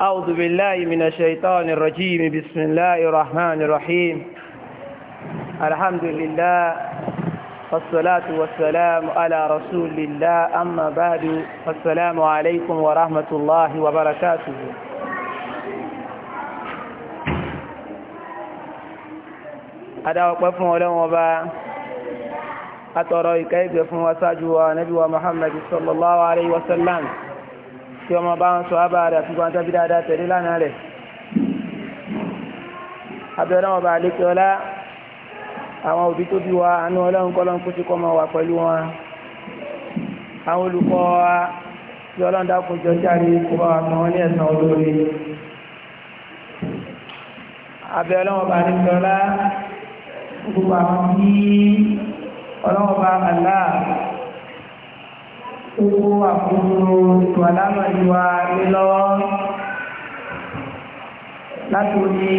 أعوذ بالله من الشيطان الرجيم بسم الله الرحمن الرحيم الحمد لله والصلاة والسلام على رسول الله أما بعد السلام عليكم ورحمة الله وبركاته أدعوك فون ولو وبا أترى كيف فون وساجوا نبي محمد صلى الله عليه وسلم kí ọmọ bá ń sọ ábá rẹ̀ àti gbọ́ntọ́ bí dáadáa tẹ̀lé lánàá rẹ̀ abẹ́rẹ́ wọn bá lékè ọlá àwọn òbí tó bí wa àánú ọlọ́run kọ́lọ́n kó sí kọ́mọ wà pẹ̀lú wọn àwọn olùkọ́ wa tí ọlọ́run dákun jọ járe kó bá wa tàn wọ́n ní ẹ̀sán olóore abẹ́rẹ́ wọn bá lékè ọlá gbogbo àwọn bí ọlọ́run bá àlá gbogbo àkóso ètò àlámọ̀rí wa lé lọ́wọ́ látòrí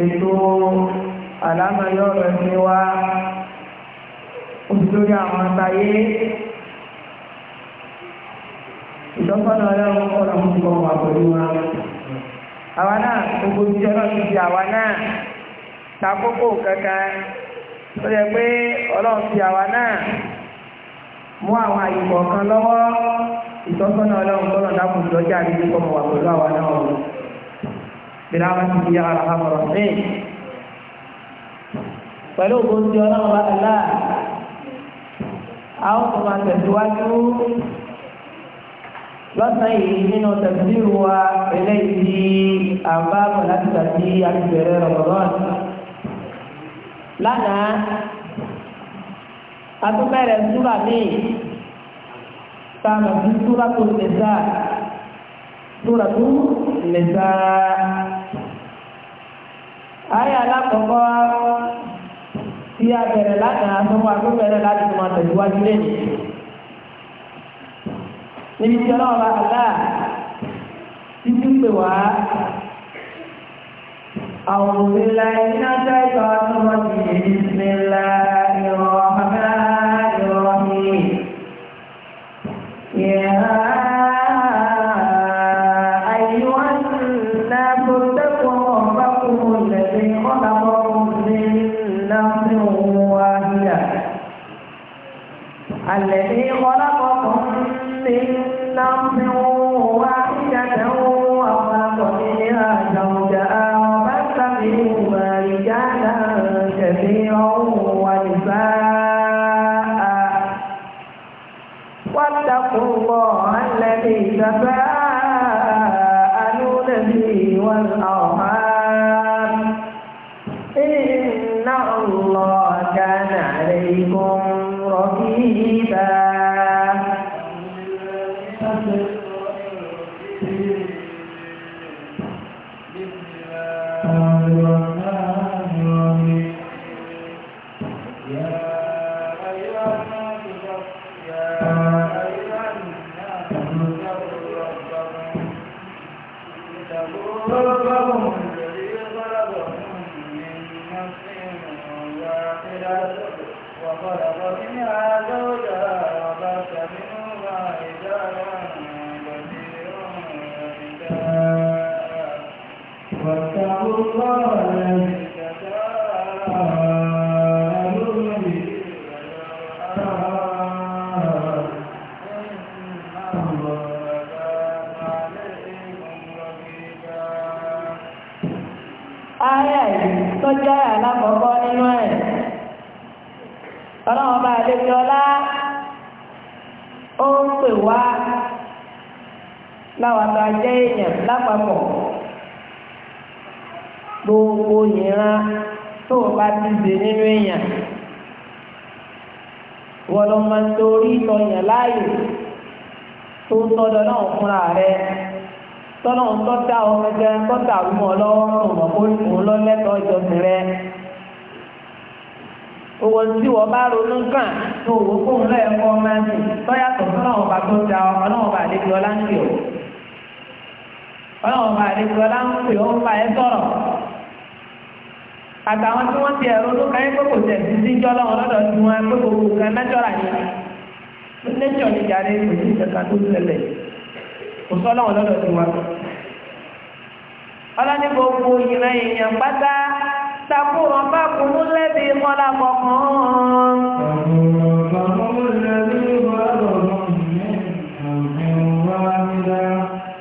ètò àlámọ̀rí ọ̀rọ̀ ẹ̀sìn wa oṣù lórí àwọn àtàyé ìdọ́kọ̀nà ọlọ́run kọ̀ọ̀nà mú kọ́ wà pẹ̀lú wa àwa náà gbogbo ìjọ náà ti di àwa náà takókò kankan tó yẹ pé ọlọ́run ti àwa náà mú àwọn àyè kọ̀ọ̀kan lọ́wọ́ ìtọ́sọ́nà ọlọ́run tọ́lọ̀ dákùn ìdọ́jà àdúgbò kọ́mọ wà pẹ̀lú àwa náà ọ̀rọ̀ bìrì àwọn ti di ara àmọ̀rọ̀ sí pẹ̀lú ògbó ti ọlọ́run bá tẹ̀lá a ó tún máa tẹ̀síwájú lọ́sàn yìí nínú tẹ̀síwájú wa eléyìí àbá mọ̀lá ti tàbí àti bẹ̀rẹ̀ rọ̀rọ̀ lánàá àtúbẹ̀rẹ̀ súrà míì sáàmù sí súrà tó lè sá súrà tó lè sá ayé alákọ̀ọ́kọ́ tí a bẹ̀rẹ̀ látara tó wà tó bẹ̀rẹ̀ láti tó máa tẹ̀síwájú lẹ́yìn níbi tí ọlọ́run bá kàlá títí pè wá àwọn òṣèlú láì ní ajá ìtọ́ àtúmọ̀ sí ìdílé ńlá. يتساءلون به والأرحام àlejọ́lá ó ń pè wá láwọn tó ajẹ́ èèyàn lápapọ̀ gbogbo ìran tó bá ti dè nínú èèyàn wọ́n lọ máa ń torí ìtọ̀yàn láàyè tó ń tọ́jọ́ náà fúnra rẹ̀ tọ́nà ń tọ́ta ọmọ ẹgbẹ́ tọ́ta ọmọ ọlọ́wọ́ tó mọ̀ kó òun lọ́lẹ́tọ̀ọ́ rẹ̀ owó tí wọ́n bá ronú kàn tó owó fóun lẹ́yìn kọ́ máa ń sìn tọ́yàtọ̀ fún àwọn ọba tó da ọlọ́wọ́n bá àdébí ọlá ń pè ọ́ ọlọ́wọ́n bá àdébí ọlá ń pè ọ́ ń bá ẹ sọ̀rọ̀ àtàwọn tí wọ́n ti ẹ̀rọ ló káyé pé kò tẹ̀ sí síjọ́ lọ́wọ́ lọ́dọ̀ tí wọ́n pé kò kò sọ́ lọ́wọ́ lọ́dọ̀ tí wọ́n. gbogbo ìran èèyàn اتقوا ربكم الذي خلقكم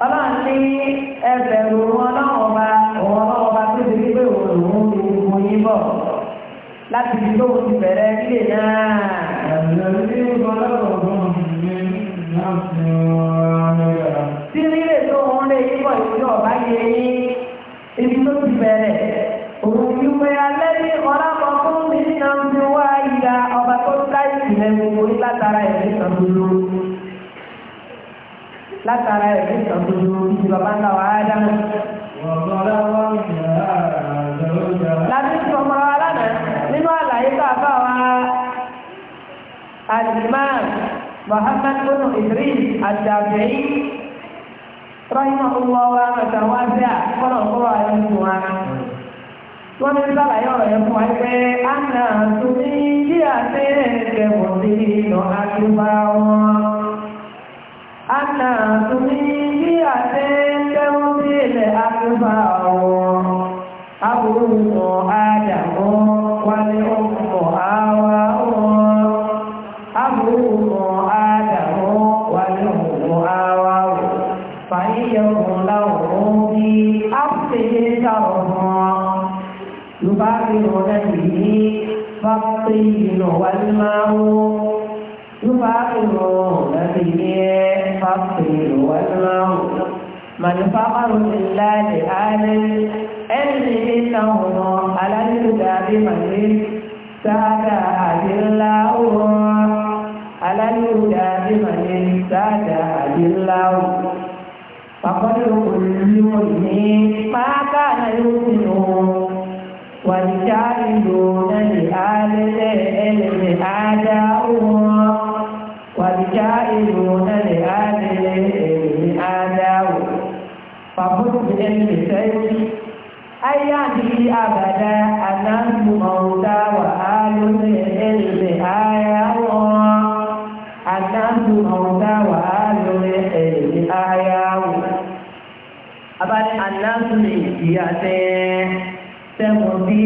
Ọlọ́run ní ẹgbẹ̀rún ọlọ́run ọba ọ̀rọ̀ ọba tó ti rí pé òun òun ti mú yín bọ̀ láti fi tó ti bẹ̀rẹ̀ ilé náà. Ẹ̀rọ ní ọlọ́run ọba ọ̀rọ̀ ọ̀rọ̀ látara ẹ̀mí ìtọ́jú ti bàbá ńlá wa ádámù. láti sọ mọ́ra wa lánàá nínú àlàyé bàbá wa muhammad bin idris ajabi'i rahimahullah wa matawazi kọ́nà kọ́nà ayé fún wa. wọ́n ti sàlàyé ọ̀rọ̀ yẹn fún wa pé a nà tún أنا تميلي أتين توبيل أكبر أبوه آدم ولأمه آواء أبوه آدم ولأمه آواء فإيه له في أفسه شرها يبادر نبيه فالطين والماء منفقر لله آل العلم إنهم على الكتاب مجلس ساد أجل الله على الهدى بمجلس ساد أجل الله فقد كل مؤمن ما كان يؤمن والجاهلون لآل العلم أعداؤهم ayáàdì àbàdà àdáńtù ọ̀dá wà á lórí ẹ̀lẹ̀ ayá wọn àdáńtù ọ̀dá wà á lórí ẹ̀lẹ̀ ayá wọn. abáni àdáńtù lè fi àtẹ sẹ́wọ̀n bí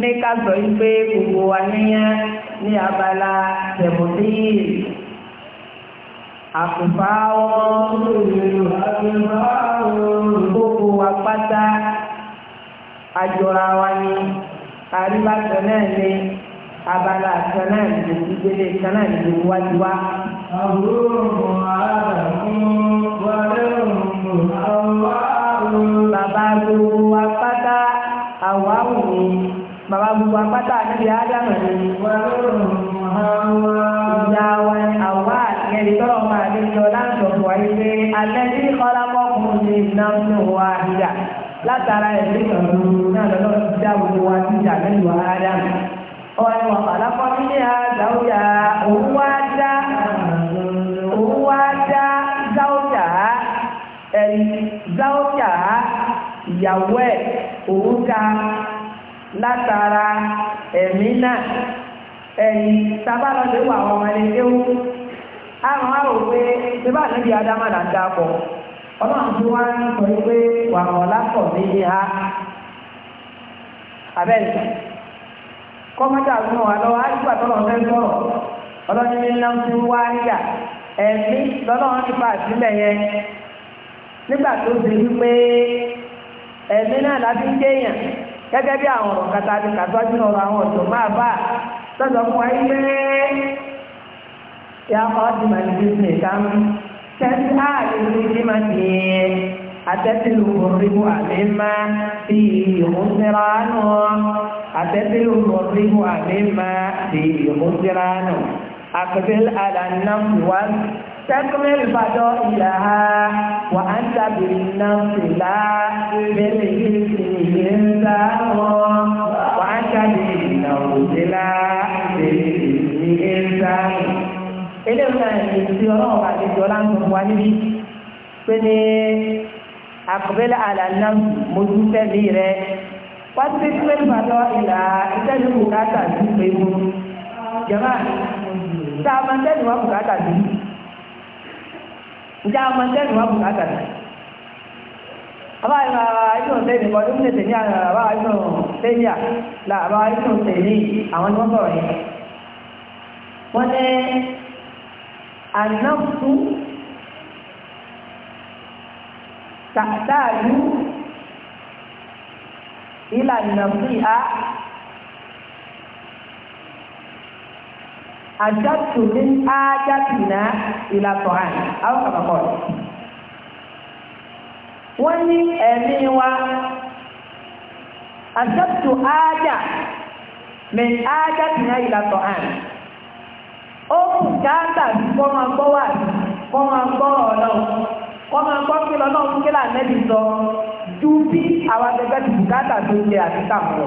ní ká sọ yí pé gbogbo àníyàn ní abala tẹ̀mọ̀tì àkùnfà wọn gbogbo apáta àjọra wa ni àríwá kan náà ni abala kan náà ni ìgbélé kan náà ni gbogbo wa wá. àbúrò mọ̀ àdàkùn wọlé òun àwọn àwọn. bàbá gbogbo wa bàbá gbogbo apáta àtàbí ádámà ni ìyá wa ni àwa àtìyẹn ní tọ́lọ̀ máa ní lọ láǹtọ̀ fún wa yìí pé alẹ́ ní ọlámọ́kùnrin ní ìnáwó wa ìyá látara ẹ̀mí ọ̀run náà lọ́dọ̀ ti dá gbogbo wa sí ìjà mẹ́lùú ìyàwó ẹ̀ òun dá. látara ẹ̀mí náà ẹ̀yìn tábàlọ́dé wà àwọn ọmọ ẹni léwu àwọn arò pé bíbá níbi adama là ń ọlọ́run tí wọ́n ń sọ pé wà wọ́n lápọ̀ ní ìhà abẹ́ẹ̀lì kọ́mọ́tà fún wa lọ́wọ́ àdúgbò àtọ́lọ́ fẹ́ sọ̀rọ̀ ọlọ́run ní níyà ẹ̀mí yẹn nígbà tó ti gẹ́gẹ́ bí àwọn ọ̀rọ̀ kata ni kàtọ́jú ọ̀rọ̀ àwọn ọ̀dọ́ máa bá sọ́dọ̀ fún wa pé ya ọ́dì máa ní bísí kan tẹ́sí ààrẹ ní ìdí máa ní àtẹ́sílù mọ̀rìbù àmì máa fi ìmúsẹ́ra nù àtẹ́sílù mọ̀rìbù àmì máa fi ìmúsẹ́ra nù àkẹ́sílù àdánù wá tẹ́kùnrin ìbàdọ̀ ìyá wà á ń dàbí iná fìlà bẹ́ẹ̀ ní ìyẹ́ ń dá wọn wà á ń dàbí iná òjìlá bẹ́ẹ̀ ní ìyẹ́ ń dá wọn. eléyìí náà ní di ọlá ń sọ wá níbí pé ní àkọ́bẹ́lẹ̀ àlànà mojú tẹ́lẹ̀ rẹ̀ wá sí pé ìbàdọ̀ ìlà ìtẹ́lẹ̀ bùkátà sí pé mú jẹ́mà tá a máa ń tẹ́lẹ̀ wá bùkátà ìjà ọmọ ìtẹ́nu wà bùkátà ní àbáyé máa inú tẹ́lẹ̀ kọ́ lóun tẹ̀lé ní àbáyé inú tẹ́lẹ̀ là àbáyé inú tẹ̀lé àwọn tí wọ́n sọ̀rọ̀ ìlànà sí a àjàtù ní ájàtì náà ìlàtọ̀ hàn àwọn kàkàkọ́ wọ́n ní ẹ̀mí wa àjàtù ájà mẹ ájàtì náà ìlàtọ̀ hàn ó kù káàtà kọ́ máa gbọ́ wà kọ́ máa gbọ́ ọlọ́run kọ́ máa gbọ́ kí lọ́lọ́run kí lànà ẹ̀dì sọ ju bí àwọn akẹgbẹ́ ti bùkátà tó ń jẹ àti kàmù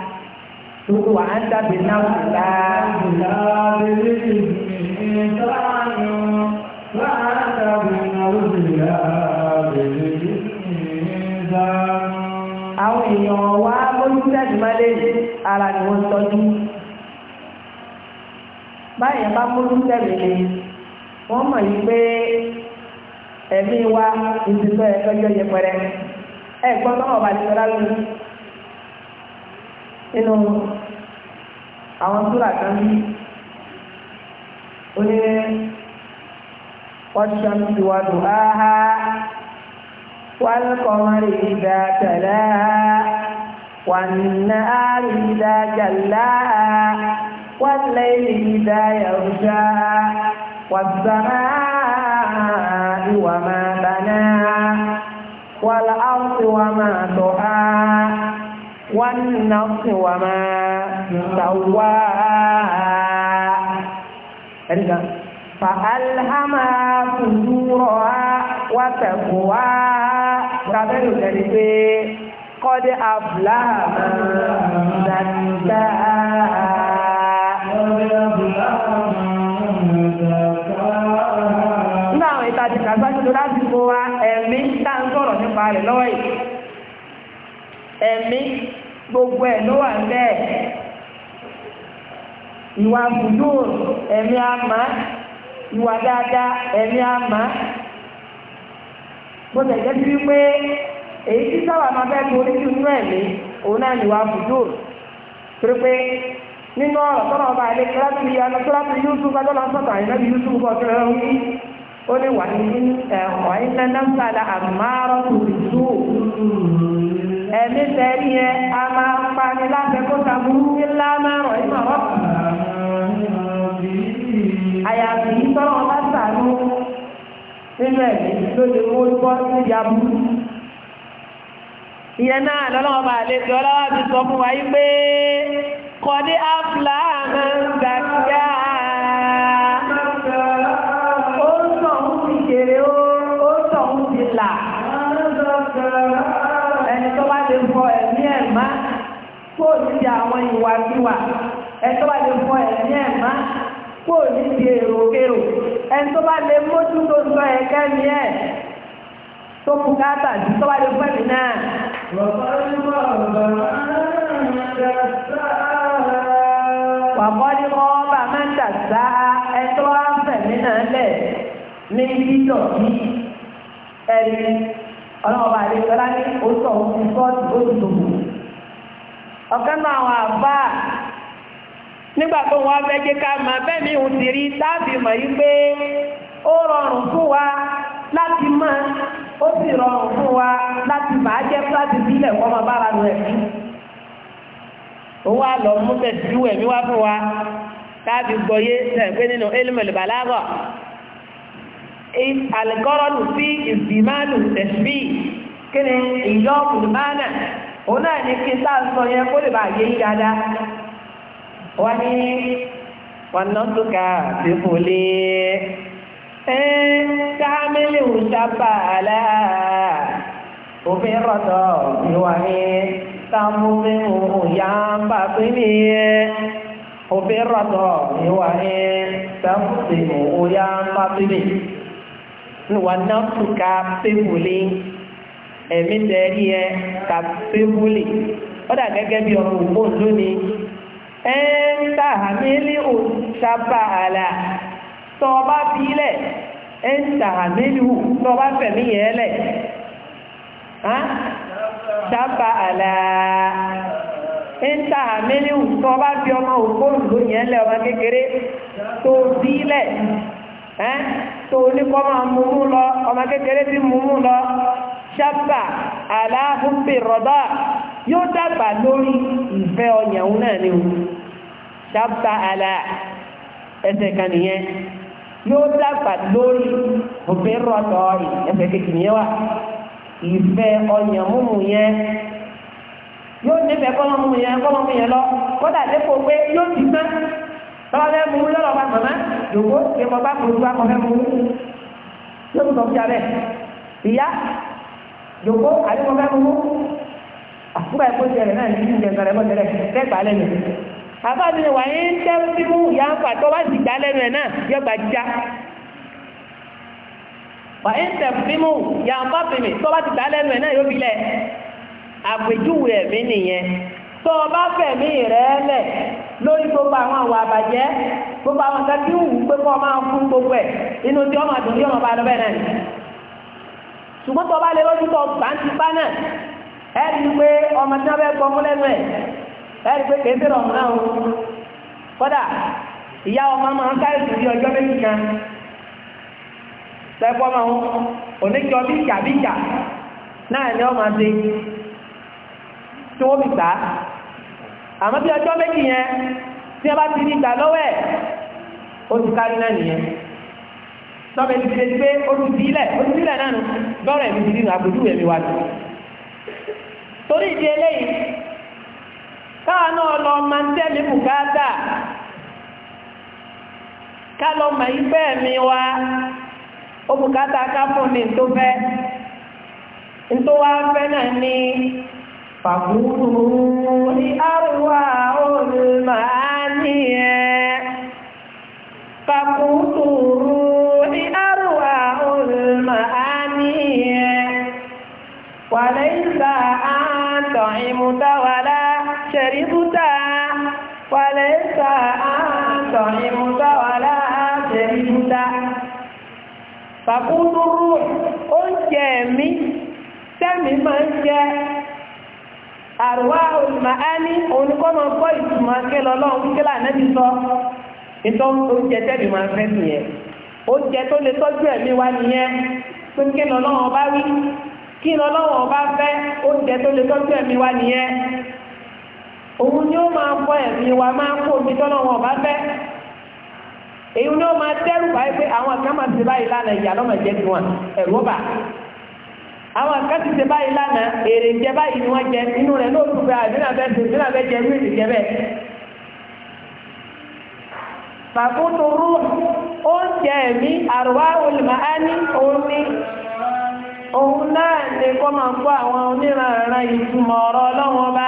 Gbogbo wa ń dábì náà sí láàá. Àwọn èèyàn wá lójú tẹ́jì ara ni wọ́n tọ́jú. Báyìí bá múlú tẹ̀lé ni, wọ́n mọ̀ yí pé ẹ̀mí wa ìdìbò ẹ̀kọ́jọ́ yẹpẹrẹ. lórí. nínú àwọn súrà kan bí ó ní wàṣàmùsì wà dùn áhá والقمر إذا تلاها والنهار إذا جلاها والليل إذا يغشاها والسماء وما بناها والأرض وما طحاها والنفس وما سواها فألهمها فجورها وتقواها كمل ذلك قد أفلح من زكاها ti kàgbájúdó láti fò wa ẹ̀mí tá ń sọ̀rọ̀ nípa rẹ̀ lọ́wọ́ yìí ẹ̀mí gbogbo ẹ̀ ló wà bẹ́ẹ̀ ìwà bùdó ẹ̀mí àmà ìwà dáadáa ẹ̀mí àmà mo tẹ̀jẹ́ bí pé èyí tí sábà máa fẹ́ kó orí inú ẹ̀mí òun náà ìwà bùdó pé nínú ọ̀rọ̀ tọ́nà ọba ilé kíláàsì kíláàsì Yusuf sọ̀tàn Yusuf bọ̀ wí ó ní wà ní ẹ̀họ́ ẹ̀mí tẹ̀rí yẹn a máa ń pani láti kó sàbúrú ńlá máa rọ̀ nínú ọ̀rọ̀ àyàfi tọ́lọ́ bá sàánú nínú ẹ̀mí ló lè mú bọ́ síbi aburú ìyẹn náà lọ́lọ́wọ́ bá lè fi ọlọ́wọ́ ti sọ fún wa yí pé kọ́ni áfúlà máa ń gbà kó níbi àwọn ìwàkiwà ẹ̀tọ́ bá lè fọ ẹ̀mí ẹ̀ má kó níbi èròkèrò ẹ̀tọ́ bá lè mójú tó sọ ẹ̀kẹ́ mi ẹ̀ tó kú káàtà sí tó bá lè fọ ẹ̀mí náà. Wàbọ́dé kọ́ bá máa ń tàṣà ẹ̀tọ́ wá fẹ̀mí náà lẹ̀ ní títọ̀ bí ẹni ọlọ́ọ̀bà àdéjọ́lá ní oṣù ọ̀hún ti fọ́ọ̀tì ó ti dòbò ọ̀kan náà àwọn àbá nígbà tó wọ́n fẹ́ jẹ́ ká máa bẹ́ẹ̀ mi ò sì rí táàbì mọ̀ yí pé ó rọrùn fún wa láti mọ̀ ó sì rọrùn fún wa láti bàá jẹ́ láti bílẹ̀ kọ́ máa bára lu ẹ̀mí owó àlọ́ mú tẹ̀síwò ẹ̀mí wá fún wa táàbì gbọ́yé sẹ̀ǹpé nínú elimẹ̀lì bàlágà alikọ́rọ́lù sí ìdìmánù tẹ̀síbì kí ni ìyọ́ kùnbánà òun náà ní kí sáà sọ yẹn kó lè bá yé yí dáadáa wọ́n ní wọn náà tó ká sí kò lè ẹ́ kámẹ́lì òṣàpá àlá òfin rọ̀tọ̀ ìwà ní sàmúfin òun yá ń bà òfin rọ̀tọ̀ ìwà ní sàmúfin òun yá ń bà wọn náà tó ká sí kò lè ẹ̀mí tẹ̀rí ẹ kàfébúlì ọ̀dà gẹ́gẹ́ bí ọmọ òpó lónìí ẹ ń ta àmìlí òṣàbà àlà tọ́ ọba fi lẹ̀ ẹ ń ta àmìlí tọ́ ọba fẹ̀mí yẹn lẹ̀ ṣàbà ọmọ kékeré tó fi ẹ́ tó ní kọ́ máa mú mú lọ ọmọ kékeré tí mú mú lọ ṣábà aláàbùpè rọ̀bà yóò dàgbà lórí ìfẹ́ ọ̀yàwó náà ni o ṣábà alá ẹsẹ̀ kan nìyẹn yóò dàgbà lórí òfin rọ̀tọ̀ ẹsẹ̀ kékeré yẹn wà ìfẹ́ ọ̀yàwó mú yẹn yóò nífẹ̀ẹ́ kọ́lọ́mù yẹn kọ́lọ́mù yẹn lọ kódà dépò pé yóò ti tán tọ́lẹ̀ mú lọ́rọ̀ bá màmá yòówó ṣe mọ bá kojú akọ̀fẹ́ mú yóò mú sọ̀kúta bẹ́ẹ̀ ìyá yòówó àdékọ̀fẹ́ mú àkúrà ẹ̀kọ́ tẹ̀lẹ̀ náà ní ìjẹ ìgbàlẹ̀ bọ́ tẹ̀lẹ̀ tẹ́gbà lẹ́nu àbá mi wà ní tẹ́rù tí mú ìyá ń fà tọ́ wá sì gbà lẹ́nu ẹ̀ náà yọ gbà jíjá wà ní tẹ́rù tí mú ìyá ń fà pèmí tọ́ wá sì gbà lẹ́nu ẹ̀ náà yóò fi lẹ̀ àpèjúwe ẹ̀mí nìyẹn tọ́ ọ bá fẹ̀mí rẹ̀ lẹ̀ lórí gbogbo àwọn àwọn àbàjẹ́ gbogbo àwọn nǹkan tí ń wù pé kọ́ máa fún gbogbo ẹ̀ inú tí ọmọ àdùn tí ọmọ bá lọ bẹ́ẹ̀ náà ṣùgbọ́n tó bá lè lójú tó gbà ń ti bá náà ẹ rí i pé ọmọ tí wọ́n fẹ́ gbọ́ fún lẹ́nu ẹ̀ ẹ rí i pé kèé fèrè ọ̀hún náà o kódà ìyá ọmọ máa ń káyọ̀sì bí ọjọ́ méjì kan sẹ́kọ́ máa ń oníjọ bíjà bíjà náà ni ọmọ ṣe tí wọ́n fi gbà àmọ́ bí ọjọ́ méjì yẹn tí a bá ti ní ìgbà lọ́wọ́ náà nìyẹn sọ́bẹ̀ ti ṣe pé di náà nù ẹ̀mí ti nù ẹ̀mí wa torí ìdí eléyìí káwa náà lọ máa ń tẹ́lẹ̀ ká lọ ìfẹ́ mi ó bùkátà ká fún mi فقولوا لأرواح المعانية فقولوا لأرواح المعانية وليس أن طعمت ولا شربت وليس أن طعمت ولا شربت فقولوا الروح أنت من سمي من جاء àrùwá olùmọ̀ání òun ni kọ́ máa gbọ́ ìtumọ̀ akẹ́lọ ọlọ́run kíkẹ́lá ànábì sọ nítọ́ oúnjẹ máa fẹ́ oúnjẹ tó lè tọ́jú ẹ̀mí wa nìyẹn pé kíkẹ́lọ ọlọ́run ọba wí kí ni ọlọ́run ọba fẹ́ oúnjẹ tó lè tọ́jú ẹ̀mí wá nìyẹn òun ni ó máa kọ́ ẹ̀mí wa máa kó omi fẹ́ èyí ni ó máa tẹ́rù báyìí pé àwọn àwọn akẹ́sì ṣe báyìí lánàá èrè jẹ báyìí ni wọ́n jẹ inú rẹ̀ ló dùn pé àdínà ah, fẹ́ dùn àdínà fẹ́ jẹ wíìlì jẹ bẹ́ẹ̀. fàkútù rú oúnjẹ ẹ̀mí àrùwá olùmọ̀ání òun ni òun náà ni kọ́ máa ń kó àwọn oníranran ìtumọ̀ ọ̀rọ̀ ọlọ́wọ́n bá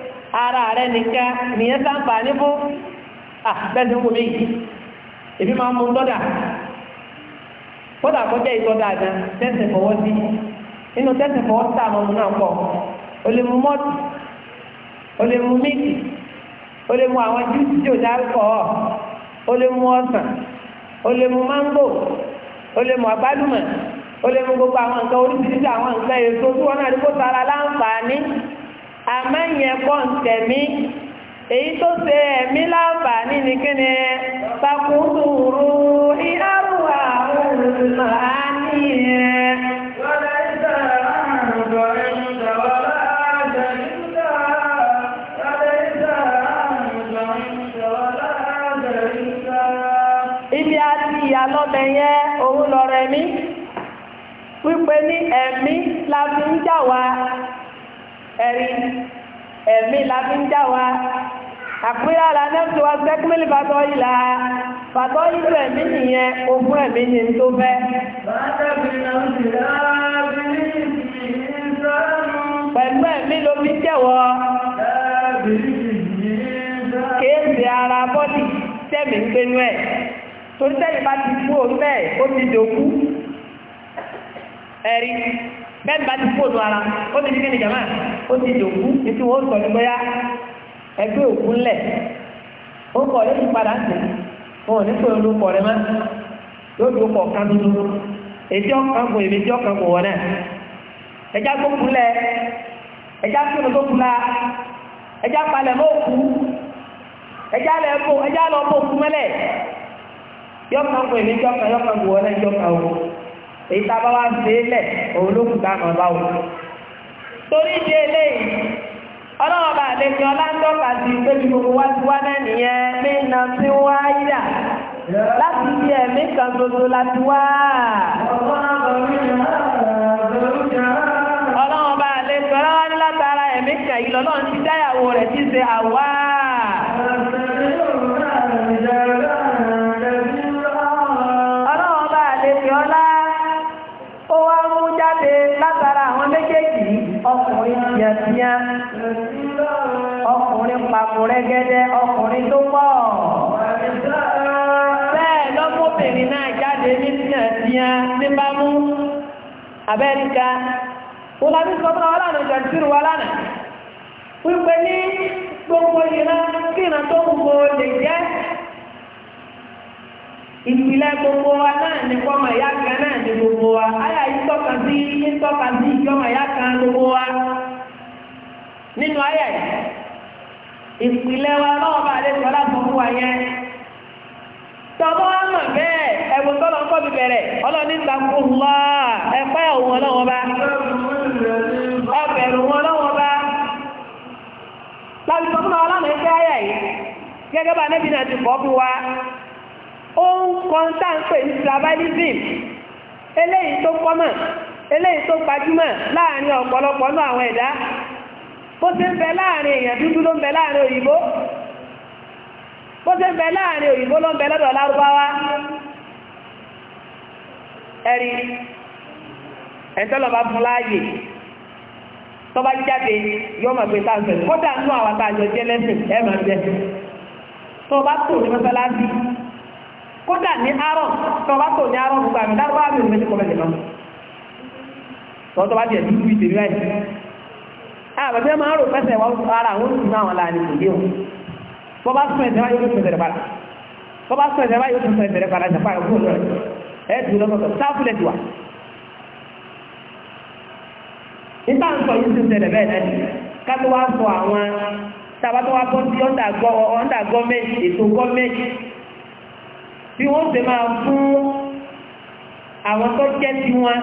ara rẹ nìkan nìyẹn sáǹfààní fún àbẹ́ni ah, fún mi èmi máa mú tọ́dà kódà kó jẹ́ ìtọ́dà gan tẹ́sẹ̀ fọwọ́ sí nínú tẹ́sẹ̀ fọwọ́ sí àwọn ọmọ náà pọ̀ o lè mu mọ́tì o lè mu o lè mu àwọn tí ọ o lè mu ọsàn o lè máńgò o lè o lè gbogbo àwọn nǹkan oríṣiríṣi àwọn nǹkan èso tí náà rí kó àmọ́ yẹn pọ̀ ń tẹ̀mí èyí tó ṣe ẹ̀mí láǹfààní ni kí ni takùtùrù ìhàrù àwọn màání yẹn. ibi àti ìyàlọ́bẹ̀ yẹn òun lọ rẹ̀ mí wípé ní ẹ̀mí la ń jà wá ẹ̀rí ẹ̀mí láti ń já wa àpírà la nẹ́fì wa fàtọ́ yìí la fàtọ́ yìí tó ẹ̀mí nìyẹn ogún ẹ̀mí ni tó fẹ́. pẹ̀lú ẹ̀mí ló fi jẹ́wọ́ kéèsì ara bọ́dì tẹ́mì ń gbénú ẹ̀ torí tẹ́yìn bá ti kú òun bẹ́ẹ̀ ó ti dòkú ẹ̀rí bẹ́ẹ̀ bá ti fóònù ara ó ti dín ní jàmá ó ti dòkú etí wọn ó sọ nígbà yá ẹgbẹ́ òkú ńlẹ̀ ó kọ̀ lé ìpadà sí wọn ò ní pé olùkọ́ rẹ má yóò dúró kọ̀ kan dúdú èdè ọkàn kò èmi tí ọkàn kò wọ̀ náà ẹja tó kú lẹ ẹja tó tó kú la ẹja palẹ̀ mọ́ òkú ẹja lẹ bó lọ bó kú mẹ́lẹ̀ yọkàn kò èmi tí ọkàn yọkàn kò wọ̀ náà yọkàn kò wọ̀ èyí tá a bá wá ń ṣe é lẹ̀ òun ló kù dáná báwo. torí di eléyìí ọlọ́wọ́ bá lè fi ọlá gbogbo wá ti wá náà nìyẹn mí na sí wá yíyà láti bí ẹ̀mí kan gbogbo láti wá. ọlọ́wọ́ bá lè ní látara ẹ̀mí kan ìlọ́lọ́run ti dáyàwó rẹ̀ ti ṣe àwa. ó wá mú jáde látara àwọn méjèèjì ọkùnrin tíyantíyá ọkùnrin pàkúrẹ́gẹ́dẹ́ ọkùnrin tó pọ̀ bẹ́ẹ̀ lọ́mọbìnrin náà jáde ní tíyantíyá níbàmú abẹ́ríkà wọ́n lábí sọ́tún àwọn aláàánú ìjọ̀dúnrún wa lánàá wípé ní gbogbo ìran kí ìran tó gbogbo lè jẹ́ ìpìlẹ̀ gbogbo wa náà ní ma ya kan náà gbogbo wa àyà yìí tọ́ka sí yìí tọ́ka sí ìjọmọ kan gbogbo wa nínú àyà yìí ìpìlẹ̀ wa lọ́wọ́ bá lè sọ wa yẹn tọ́bọ́ wa bẹ́ẹ̀ ẹ̀wọ̀n tọ́lọ̀ ń kọ́ mi bẹ̀rẹ̀ ọlọ́ni bá bá ó ń kan tá ń pè ní tribalism eléyìí tó kọ́mọ̀ eléyìí tó láàrin ọ̀pọ̀lọpọ̀ náà àwọn ẹ̀dá bó ṣe ń bẹ láàrin èèyàn dúdú ló ń bẹ láàrin òyìnbó bó ṣe ń bẹ láàrin òyìnbó ló ń bẹ lọ́dọ̀ lárúbáwá ẹ̀rí kódà ní arọ tọba tó ní arọ gbogbo àmì dárúbá mi ò kọ́ mẹ́jẹ̀ lọ́nà tọba jẹ̀ ní ìlú ìtẹ̀lú láì àbàbí máa rò pẹ́sẹ̀ wọ́n ara àwọn òṣìṣẹ́ àwọn láàrin yìí bí wọ́n ṣe máa fún àwọn tó jẹ́ ti wọn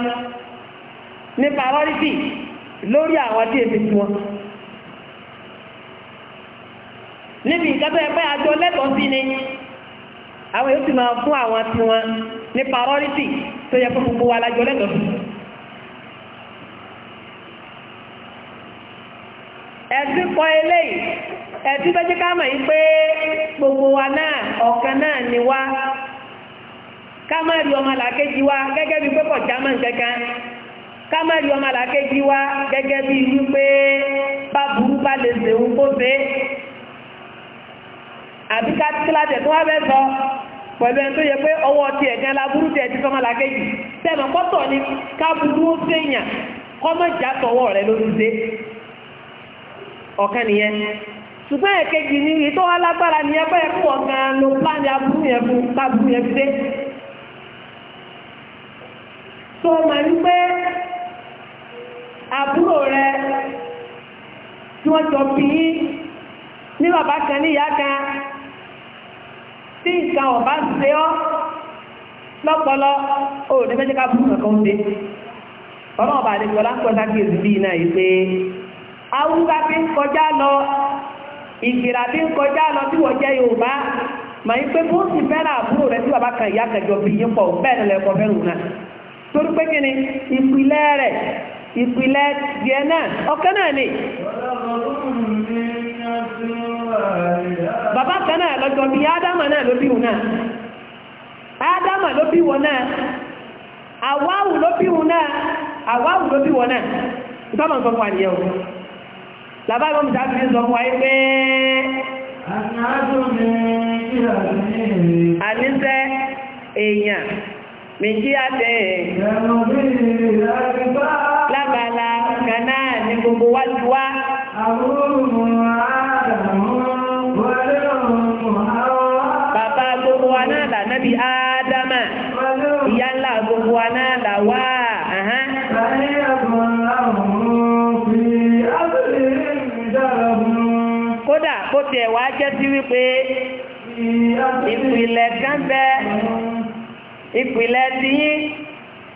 ní pàrọ́rìtì lórí àwọn tí èmi ti wọn níbi nǹkan tó yẹ pé àjọ lẹ́tọ̀ọ́ sí ni àwọn yóò ti máa fún àwọn tí wọn ní pàrọ́rìtì tó yẹ pé gbogbo wa lájọ lẹ́tọ̀ọ́ sí. ẹ̀sìn kọ eléyìí ẹ̀sìn tó jẹ́ ká mọ̀ yìí pé gbogbo wa náà ọ̀kan náà ni wá ká má rí ọmọ làkejì wa gẹ́gẹ́ bí pé kò jámọ́ nǹkankan ká má rí ọmọ làkejì wa gẹ́gẹ́ bí wípé bá burú bá lè sèun kó sé àbí ká tí láti ẹ̀tún wá bẹ́ẹ̀ sọ pẹ̀lú ẹni tó yẹ pé ọwọ́ ti ẹ̀gán laburú ti ẹ̀tí sọmọ làkejì tẹ́mọ̀ kọ́tọ̀ ni ká burú ó séèyàn kọ́mọ̀já tọwọ́ rẹ̀ lórí sé ọ̀kan nìyẹn ṣùgbọ́n ẹ̀kejì ni èyí tó wá lágbára nìyẹn pé ẹ̀kú ọ̀gán ló pláàni aburú yẹn fún ká burú yẹn fi dé so o mọ̀ wípé àbúrò rẹ tí wọ́n jọ bí ní bàbá kan ní ìyá kan tí nǹkan ọ̀bá ṣe ọ́ lọ́pọlọ ó ní mẹ́jẹ́ ká fún ọba àdéjọ lápẹ́ta kí èsì bíi náà yìí pé bí ń kọjá lọ ìgbìrà bí ń kọjá lọ tí wọ́n jẹ́ yorùbá màá pé bó sì fẹ́ràn àbúrò rẹ tí bàbá kan ìyá kan jọ bí pọ̀ bẹ́ẹ̀ torí pé kí ni ìpìlẹ̀ rẹ̀ ìpìlẹ̀ díẹ̀ náà ọ̀kan náà ni bàbá kan náà lọ́jọ́ bí ádámà náà ló bí wọn náà ádámà ló bí wọn náà àwáwù ló bí wọn náà àwáwù ló bí wọn náà ìtọ́mọ̀ nǹkan fún àníyẹ̀ o làbá ìwọ́n mìta fi sọ fún ayé pé àníṣẹ́ èèyàn mìjíàtẹ̀ lábàlá kaná ní gbogbo wálúwá bàbá gbogbo wa náà là nábi ádámà ìyá ńlá gbogbo wa náà là wá kódà kó tiẹ̀ wá jẹ́ sí wípé ìpìlẹ̀ kan bẹ́ẹ̀ ìpìlẹ̀ ti yín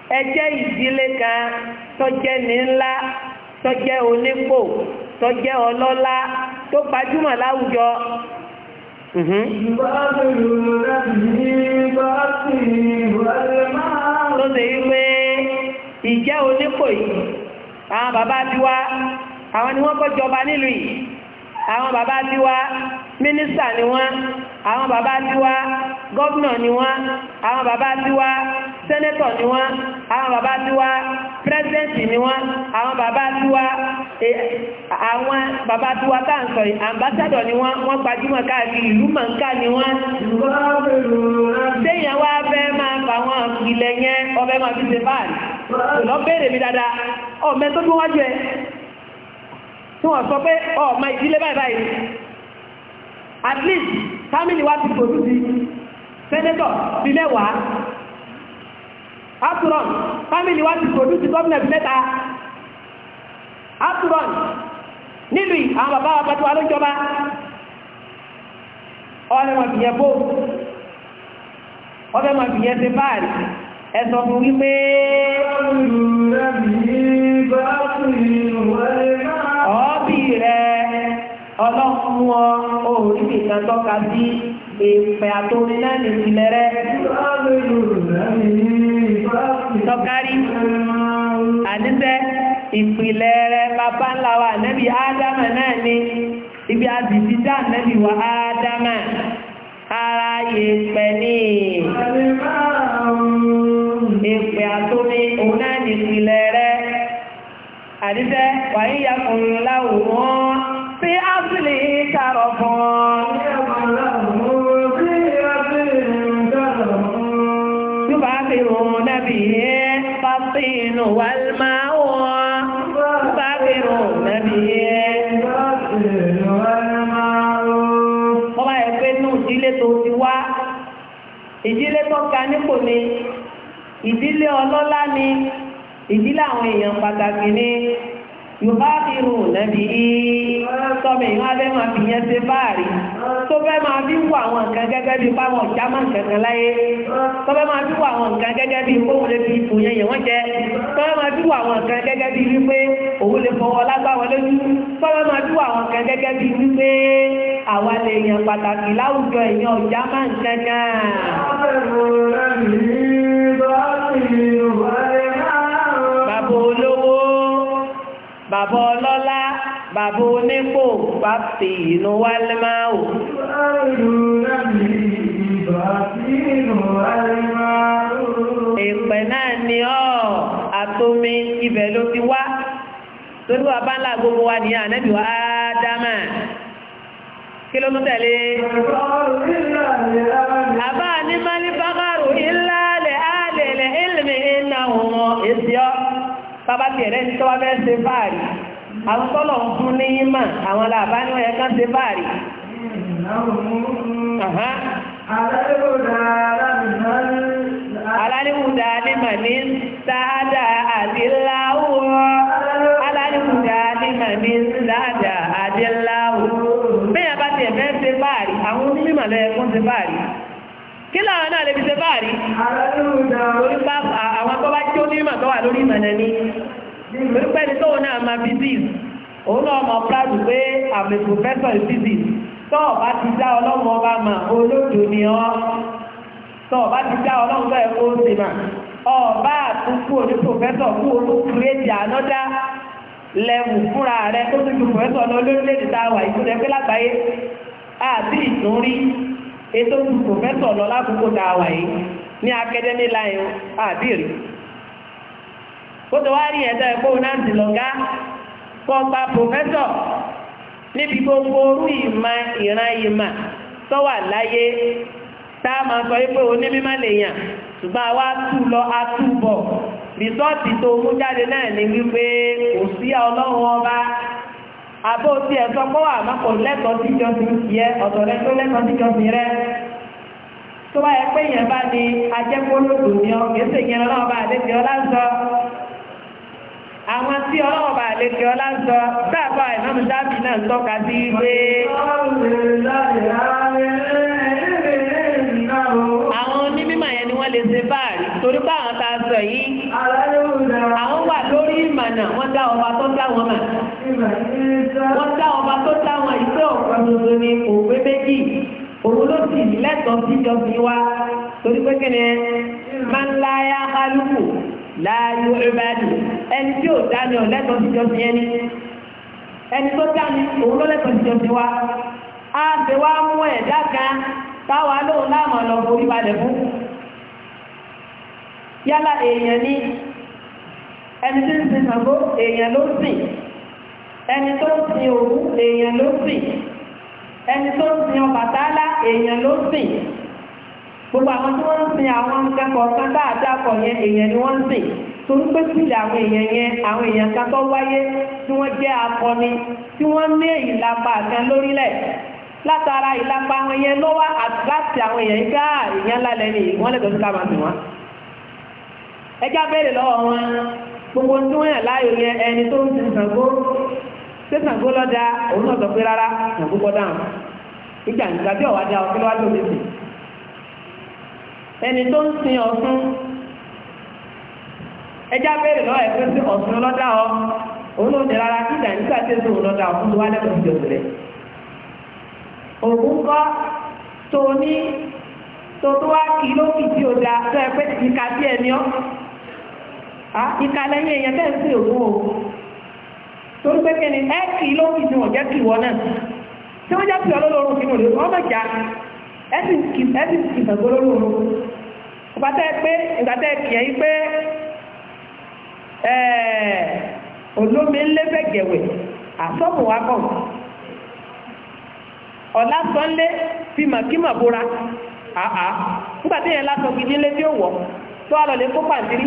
ẹ jẹ́ ìdílé kan tó jẹ́ ní ńlá tó jẹ́ onípò tó jẹ́ ọlọ́lá tó gbajúmọ̀ láwùjọ. Mhm. tó ṣe yí pé ìjẹ́ onípò yìí àwọn bàbá tiwa àwọn ni wọ́n kọ́ jọba nílùú yìí àwọn bàbá tiwa mínísítà ni wọ́n àwọn bàbá tiwa gọ́vnà ni wọ́n àwọn bàbá tí wá sẹ́nẹ́tọ̀ ni wọ́n àwọn bàbá tí wá pírẹ́sìdẹ̀ntì ni wọ́n àwọn bàbá tí wá e, àwọn bàbá tí wá káàkọ̀ àmbásádọ̀ ni wọ́n wọ́n gbajúmọ̀ káàkiri ìlú mọ̀ǹká ni wọ́n téèyàn wá fẹ́ máa fà wọn ìpìlẹ̀ yẹn ọbẹ̀ máa fi ṣe báàlì lọ béèrè mi dáadáa ọmọ tó bí wọ́n jẹ tí wọ́n sọ pé ọmọ at least family wa ti pòtù sí sẹ́nẹ́tọ̀ bí mẹ́wàá afron family wa ti produce gómìnà bí mẹ́ta afron nílùú àwọn bàbá wa pàtó alójọba ọ̀rẹ́ wọn fìyẹn bó ọ̀rẹ́ wọn fìyẹn ti báàrí ẹ̀sọ̀ fún wípé ọ̀bí rẹ̀ ọlọ́fún wọn òòrí nìkan sí ìfẹ́ àtòrin náà ní ìpìlẹ̀ rẹ̀ ìtọ́kárí àníṣẹ́ ìpìlẹ̀ rẹ̀ bàbá ńlá wa nẹ́bí ádámà náà ní ibi àdìsí dá nẹ́bí wa ádámà ara ìpẹ́ ní ìpẹ́ àtòrin òun náà ní ìpìlẹ̀ rẹ̀ àníṣẹ́ wàyíyà kùnrin láwùrán sí áfìlì nípò ni ìdílé ọlọ́lá ni ìdílé àwọn èèyàn pàtàkì ni yorùbá fi hùn lẹ́bi sọmọ èèyàn abẹ́ máa fi yẹn ṣe báàrí tó fẹ́ máa fi wọ àwọn nǹkan gẹ́gẹ́ bíi pàmò ọ̀já máa kankan láyé tó fẹ́ máa fi wọ àwọn nǹkan gẹ́gẹ́ bíi kóhùn lè fi ipò yẹn yẹn jẹ tó fẹ́ máa fi wọ àwọn nǹkan gẹ́gẹ́ bíi wípé òun lè fọwọ́ lágbá tó fẹ́ máa fi wọ àwọn nǹkan gẹ́gẹ́ bíi wípé àwa lè yàn pàtàkì láwùjọ èèyàn ọ̀já máa ń kankan. bàbá olówó bàbá ọlọ́lá bàbá onípò pàtì inú wa lè máa wò. èèpẹ̀ náà ni ọ́ àtomi ibẹ̀ ló ti wá torí wà bá ńlá gbogbo wa nìyà nẹ́bí wa ádámà kí ló tún tẹ̀lé àbá ní mali bákàrù ilá lè àlèlè ilmi iná ọmọ ìsíọ́ bàbá ti ẹ̀rẹ́ ti tọ́wọ́ bẹ́ẹ̀ ṣe fáàrí àwọn tọ́lọ̀ ń fún ní yíma àwọn làbá ní wọ́n yẹ kán ṣe fáàrí alálìwùdá ní màní sáádà àti láwùrọ̀ alálìwùdá ní sáádà àti ti ẹ̀fẹ́ ṣe báàrí àwọn onímọ̀ lẹ́ẹ̀kún ṣe báàrí kí láwọn náà lè fi ṣe báàrí àwọn tó bá tí ó nímọ̀ tó wà lórí ìmọ̀lẹ̀ ní pípẹ́ ni tóun náà máa physics òun náà mọ̀ pílásì pé àmì professor physics tọ́ọ̀ bá ti dá ọlọ́run ọba mà olóòdò ni ọ́ tọ́ọ̀ bá ti dá ọlọ́run ọba ẹ̀kọ́ ó ṣe mà ọba àtúnkù onípòfẹ́sọ̀ fún olókùnrin èdè ànọ́dá lẹ́wù fúnra rẹ̀ tó tún ju pẹ̀lú olórílẹ̀-èdè táwà ìtúnjẹ pé lágbàáyé àti ìtúnrí ètò pòfẹ́sọ̀ lọ lákòókò táwà yìí ní academy line àbírí ó tó wá rí ẹ̀dọ́ ẹ̀kọ́ náà ti lọ́gá pọ́pa pòfẹ́sọ̀ níbi gbogbo orú ìmọ̀ ìran ìmọ̀ tó wà láyé tá a máa sọ pé rìsọ́ọ̀tì tó mú jáde náà ni wípé kò sí ọlọ́run ọba abó tí ẹ sọ pọ́wà mọ́kọ̀ lẹ́tọ̀ọ́ tí jọ ti ń fi ẹ ọ̀tọ̀ rẹ tó lẹ́tọ̀ọ́ tí jọ fi rẹ tó bá yẹ pé yẹn bá ní ajẹ́kólódò ní ọ kèsè yẹn ọlọ́run ọba àlejò ọlá ń sọ àwọn tí ọlọ́run ọba àlejò ọlá ń sọ dáàbà ìmọ̀mù dábì náà ń tọ́ka sí wípé àwọn onímọ̀ yẹn ni wọ́n lè ṣe báàrí torí pé àwọn tá a sọ yìí àwọn wà lórí ìmọ̀nà wọ́n dá ọba tó dá wọn mà wọ́n dá ọba tó dá wọn ìfẹ́ ọ̀pọ̀ tuntun ní òwe méjì òun ló sì lẹ́tọ̀ọ́ síjọ sí wa torí pé kí ni máa ń láyà kálukú láàyò ìbàdí ẹni tí ò dá ni ò lẹ́tọ̀ọ́ síjọ sí ẹni ẹni tó dá ni ló lẹ́tọ̀ọ́ síjọ sí wa á ti wá mú ẹ̀dá kan táwa lóun láàmú ọ̀nà òfin balẹ̀ fún yálà èèyàn ní ẹni tí ń sin Ṣàngó èèyàn ló sìn ẹni tó ń sin Òwu èèyàn ló sìn ẹni tó ń sin Ọbàtálá èèyàn ló sìn gbogbo àwọn tí wọ́n ń sin àwọn akẹ́kọ̀ọ́ kan bá àdàkọ̀ yẹn èèyàn ni wọ́n ń sìn torí pé sílẹ̀ àwọn èèyàn yẹn àwọn èèyàn kan tó wáyé tí wọ́n jẹ́ akọni tí wọ́n ní ìlàpá kan lórílẹ̀ látara ìlàpá wọn yẹn lọ́wọ́ àti láti àwọn èèyàn gbá ah, èèyàn lálẹ́ nìyí wọ́n lè tọ́jú ká máa sìn ẹjá bẹ̀rẹ̀ lọ́wọ́ wọn gbogbo tí wọ́n yàn láàyò yẹn ẹni tó ń sin Ṣàngó ṣé Ṣàngó lọ́dà òun náà sọ pé rárá Ṣàngó kọ́ dáhùn ìjà nígbà tí ọ̀wá dá ọ kí ló wá lóde sí ẹni tó ń sin Ọ̀ṣun ẹjá bẹ̀rẹ̀ lọ́wọ́ ẹ̀ pé sí Ọ̀ṣun lọ́dà ọ òun náà ní rárá ìjà nígbà tí èso òun lọ́dà ọ̀fun tó wá lẹ́kọ̀ọ́ ìjọba rẹ̀ òun kọ́ tó ní tó tó wá kí lókì tí ó da a ah, ìkàlẹ̀ yẹn èèyàn tẹ́ ń sí òun o torí pé kí ni ẹ kì í lókì tí wọ́n kì wọ́n náà tí wọ́n jẹ́ kì wọ́n lọ́rùn kí ni wọ́n mọ̀ já ẹ sì kì kì í pé olómi àsọ́bù wa ọ̀lá sọ́nlé fi àá yẹn gidi kó pàǹtírí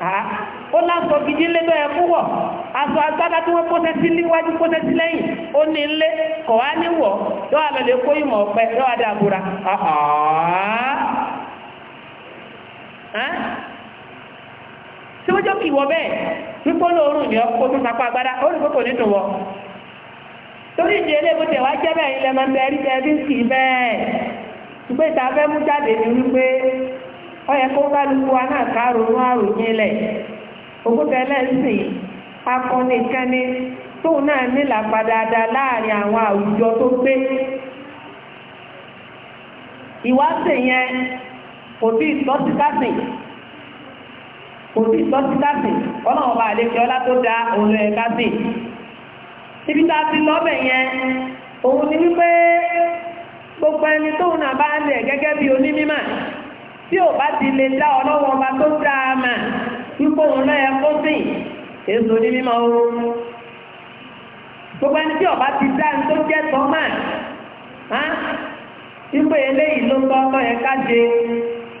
Ah, ó lásọ gidi ńlẹ́ bẹ́ẹ̀ mú aṣọ agbádá tí wọ́n kóṣẹ́ sí níwájú kóṣẹ́ sí lẹ́yìn ó ní ńlẹ́ kọ̀ wá ní wọ̀ yóò kó ìmọ̀ ha yóò wá àbúra ah, tí ah. wọ́n jọ kì wọ bẹ́ẹ̀ wípọ́ lóorùn ni ó tún sapá agbádá ó rí kókò nínú wọ torí ìdí eléèbó tẹ̀ wá jẹ́ bẹ́ẹ̀ ilẹ̀ máa ń bẹ́ẹ̀ rí ọyẹ kó kálukú wa náà kárùnú àrùnyìn lẹ̀ òkúta ẹlẹ́sìn tóun náà nílà dáadáa láàrin àwọn àwùjọ tó gbé ìwáṣẹ̀ yẹn kò tí ìtọ́sítàsìn kò tí ọlọ́run ọba àlejò ọlá tó da òun ẹ̀ka yẹn òun ni wípé gbogbo ẹni tóun náà bá ń tí o bá ti lè dá ọlọ́wọ́ ọba tó dá a mà wípé òun náà yẹ kó sìn èso ní mímọ́ o gbogbo ẹni tí ọba ti dá ní tó jẹ́ tọ́mà wípé eléyìí ló tọ́ tọ́ yẹ ká jẹ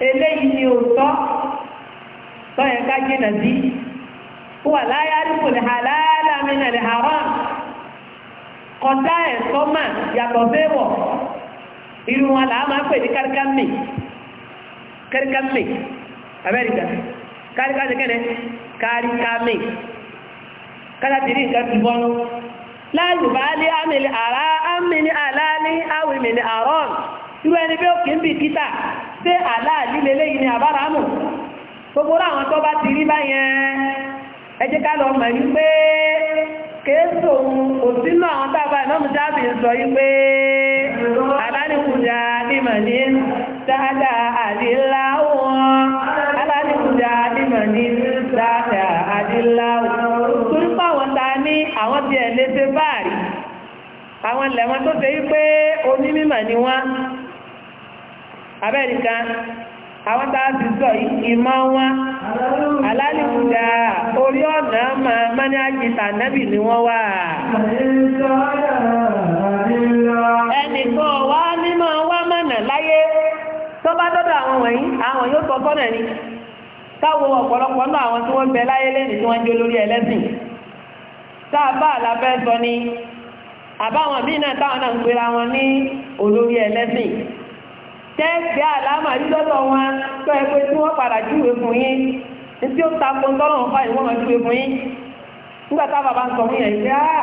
eléyìí ni ò tọ́ tọ́ yẹ ká nàbí wà láyé àdúgbò lè halálà mi nà lè haram kọjá ẹ̀ tọ́mà yàtọ̀ bẹ́ẹ̀ wọ̀ irun wa làá máa pè ní káríkámì kari ka mɛ abẹ́rẹ́ kari ka sɛgɛnɛ kari ka kala tiri nǹkan ti bɔ láàlù bá lé amìlì àrá amìlì àlàálí awìmìlì àrọ́ọ̀nù irú ẹni bí ó kì ń bì kíta ṣé àlàálí lélẹ́yìn ni àbáramù gbogbo àwọn tó bá ti rí báyẹn ẹ jẹ́ ká lọ mọ̀ ní pé kéèsò òsínú àwọn tábà ìnáàmù jáàbì ń sọ yí pé alálùjá ìmọ̀ní sáàdà àdíláwọ̀ alálùjá ìmọ̀ní sáàdà àdíláwọ̀ torí pàwọn ta ní àwọn tí ẹ̀ lé ṣe báàrí àwọn lẹ̀wọ̀n tó ṣe wípé onímọ̀ ni wọ́n wọn alálìkùdà orí ni wọ́n wà wá ní máa wá mọ̀nà láyé tó bá dọ́dọ̀ àwọn wọ̀nyí àwọn yóò sọ sọ́nà ni táwo ọ̀pọ̀lọpọ̀ náà àwọn tí wọ́n bẹ láyé lẹ́nu tí wọ́n jó lórí ẹlẹ́sìn tá a bá àlàfẹ́ sọ ni àbáwọn míì náà táwọn náà ń pera wọn ní olórí ẹlẹ́sìn tẹ́ẹ̀sì àlámà lílọ́dọ̀ wọn tó ẹ pé tí wọ́n padà júwe fún yín ní tí ó ta kó tọ́lọ̀ ń fa ìwọ́n máa júwe fún yín nígbà tá bàbá ń sọ fún yẹn ṣe áà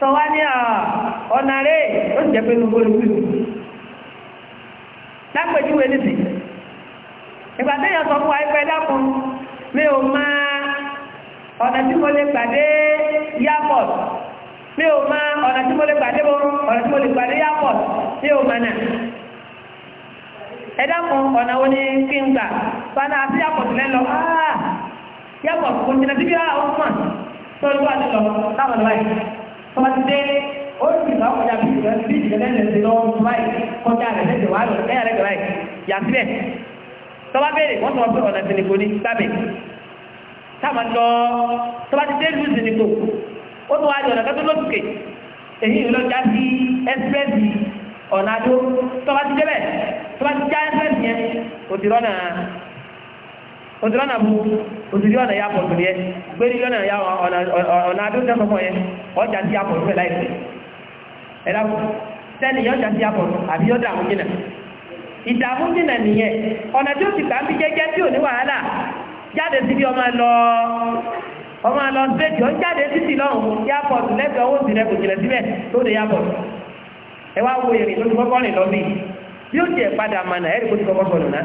sọwá ní ọ̀nà rẹ̀ ó sì jẹ́ pé gbogbo olùkúlù lápẹjúwe nìsí ìgbà téèyàn sọ fún wa ẹgbẹ́ dákun mi ò máa ọ̀nà tí mo lè pàdé airport mi ò máa ọ̀nà tí mo lè pàdé bọ́ ọ̀nà tí mo lè pàdé airport mi ò máa nà ẹ dákun ọ̀nà wo ni kí n gbà fana àti airport lẹ́lọ ah, airport kò jìnà síbi àwọn ọmọ tó ń bá ti lọ láwọn ọ̀nà báyìí tọ́mọdé ó sì lọ kọjá bí ìjọba bí ìjọba lẹ́sẹ̀ lọ báyìí kọjá rẹ̀ lẹ́sẹ̀ wà lọ ẹ̀yà rẹ̀ báyìí yà sílẹ̀ tọ́ba béèrè wọ́n sọ pé ọ̀nà tìǹkù ní sábẹ̀ táwọn lọ tọ́ba ti dé lùsì nìkò ó tún wáyé ọ̀nà kẹ́tọ́ lókè èyí ló já sí ẹ́sírẹ́sì ọ̀nà àdó tọ́ba ti débẹ̀ tọ́ba ti já ẹ́sírẹ́sì yẹn òdìrọ́nà òtún lọ́nà bú òtún yọ́nà ya pọ̀ tún yẹ gbé ní yọ́nà ya ọ̀nà àdúgbò sọ́kọ̀ yẹ ọjà tí a pọ̀ tún ẹ̀ láìpẹ́ ẹ̀dàkù sẹ́ni yọ́jà tí a pọ̀ tún àbí yọ́dà mú jìnà ìdààmú jìnà nìyẹn ọ̀nà tí ó ti gbàmí jẹ́jẹ́ tí ò ní wàhálà jáde síbi ọmọ lọ ọmọ lọ sẹ́jì ó jáde títì lọ́hùn ya pọ̀ tún lẹ́gbẹ̀ẹ́ owó tìrẹ kò jìnà síbẹ̀ tó lè ya pọ̀ ẹ wá wo èrè tó ti kọ́kọ́ rìn lọ bí yóò jẹ́ padà mọ̀nà ẹ̀rì kó ti kọ́kọ́ sọ̀rọ̀ náà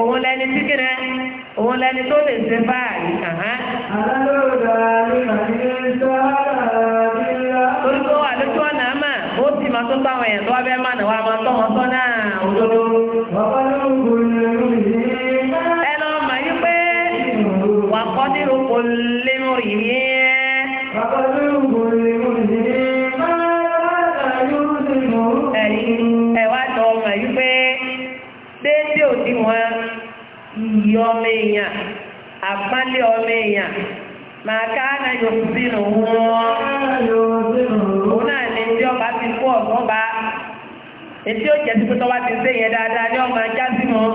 òun lẹni tí kìnnà òun lẹni tó lè ṣe báàlì kàn-án. alágbèrè ní àdínsá àdínlá. torí tó wà lójú ọ̀nà àmà ó sì máa tó táwọn èèyàn tó wá bẹ́ẹ̀ mánà wá máa tọ́ wọn tọ́ náà òdodo. bàbá ló ń gbòòrò lórí mi. ẹ lọ mà yí pé wà kọ́ nínú kò lè mú yìí. bàbá ló ń gbòòrò lórí iyì ọmọ èèyàn àpálẹ̀ ọmọ èèyàn màá ká náà yóò sí nù wọ́n. òun náà ní tí ọba ti kú ọ̀gbọ́n bá etí ó jẹ́ sí pé tọ́wá ti ń sèyẹn dáadáa ní ọmọ ajá sí mọ́.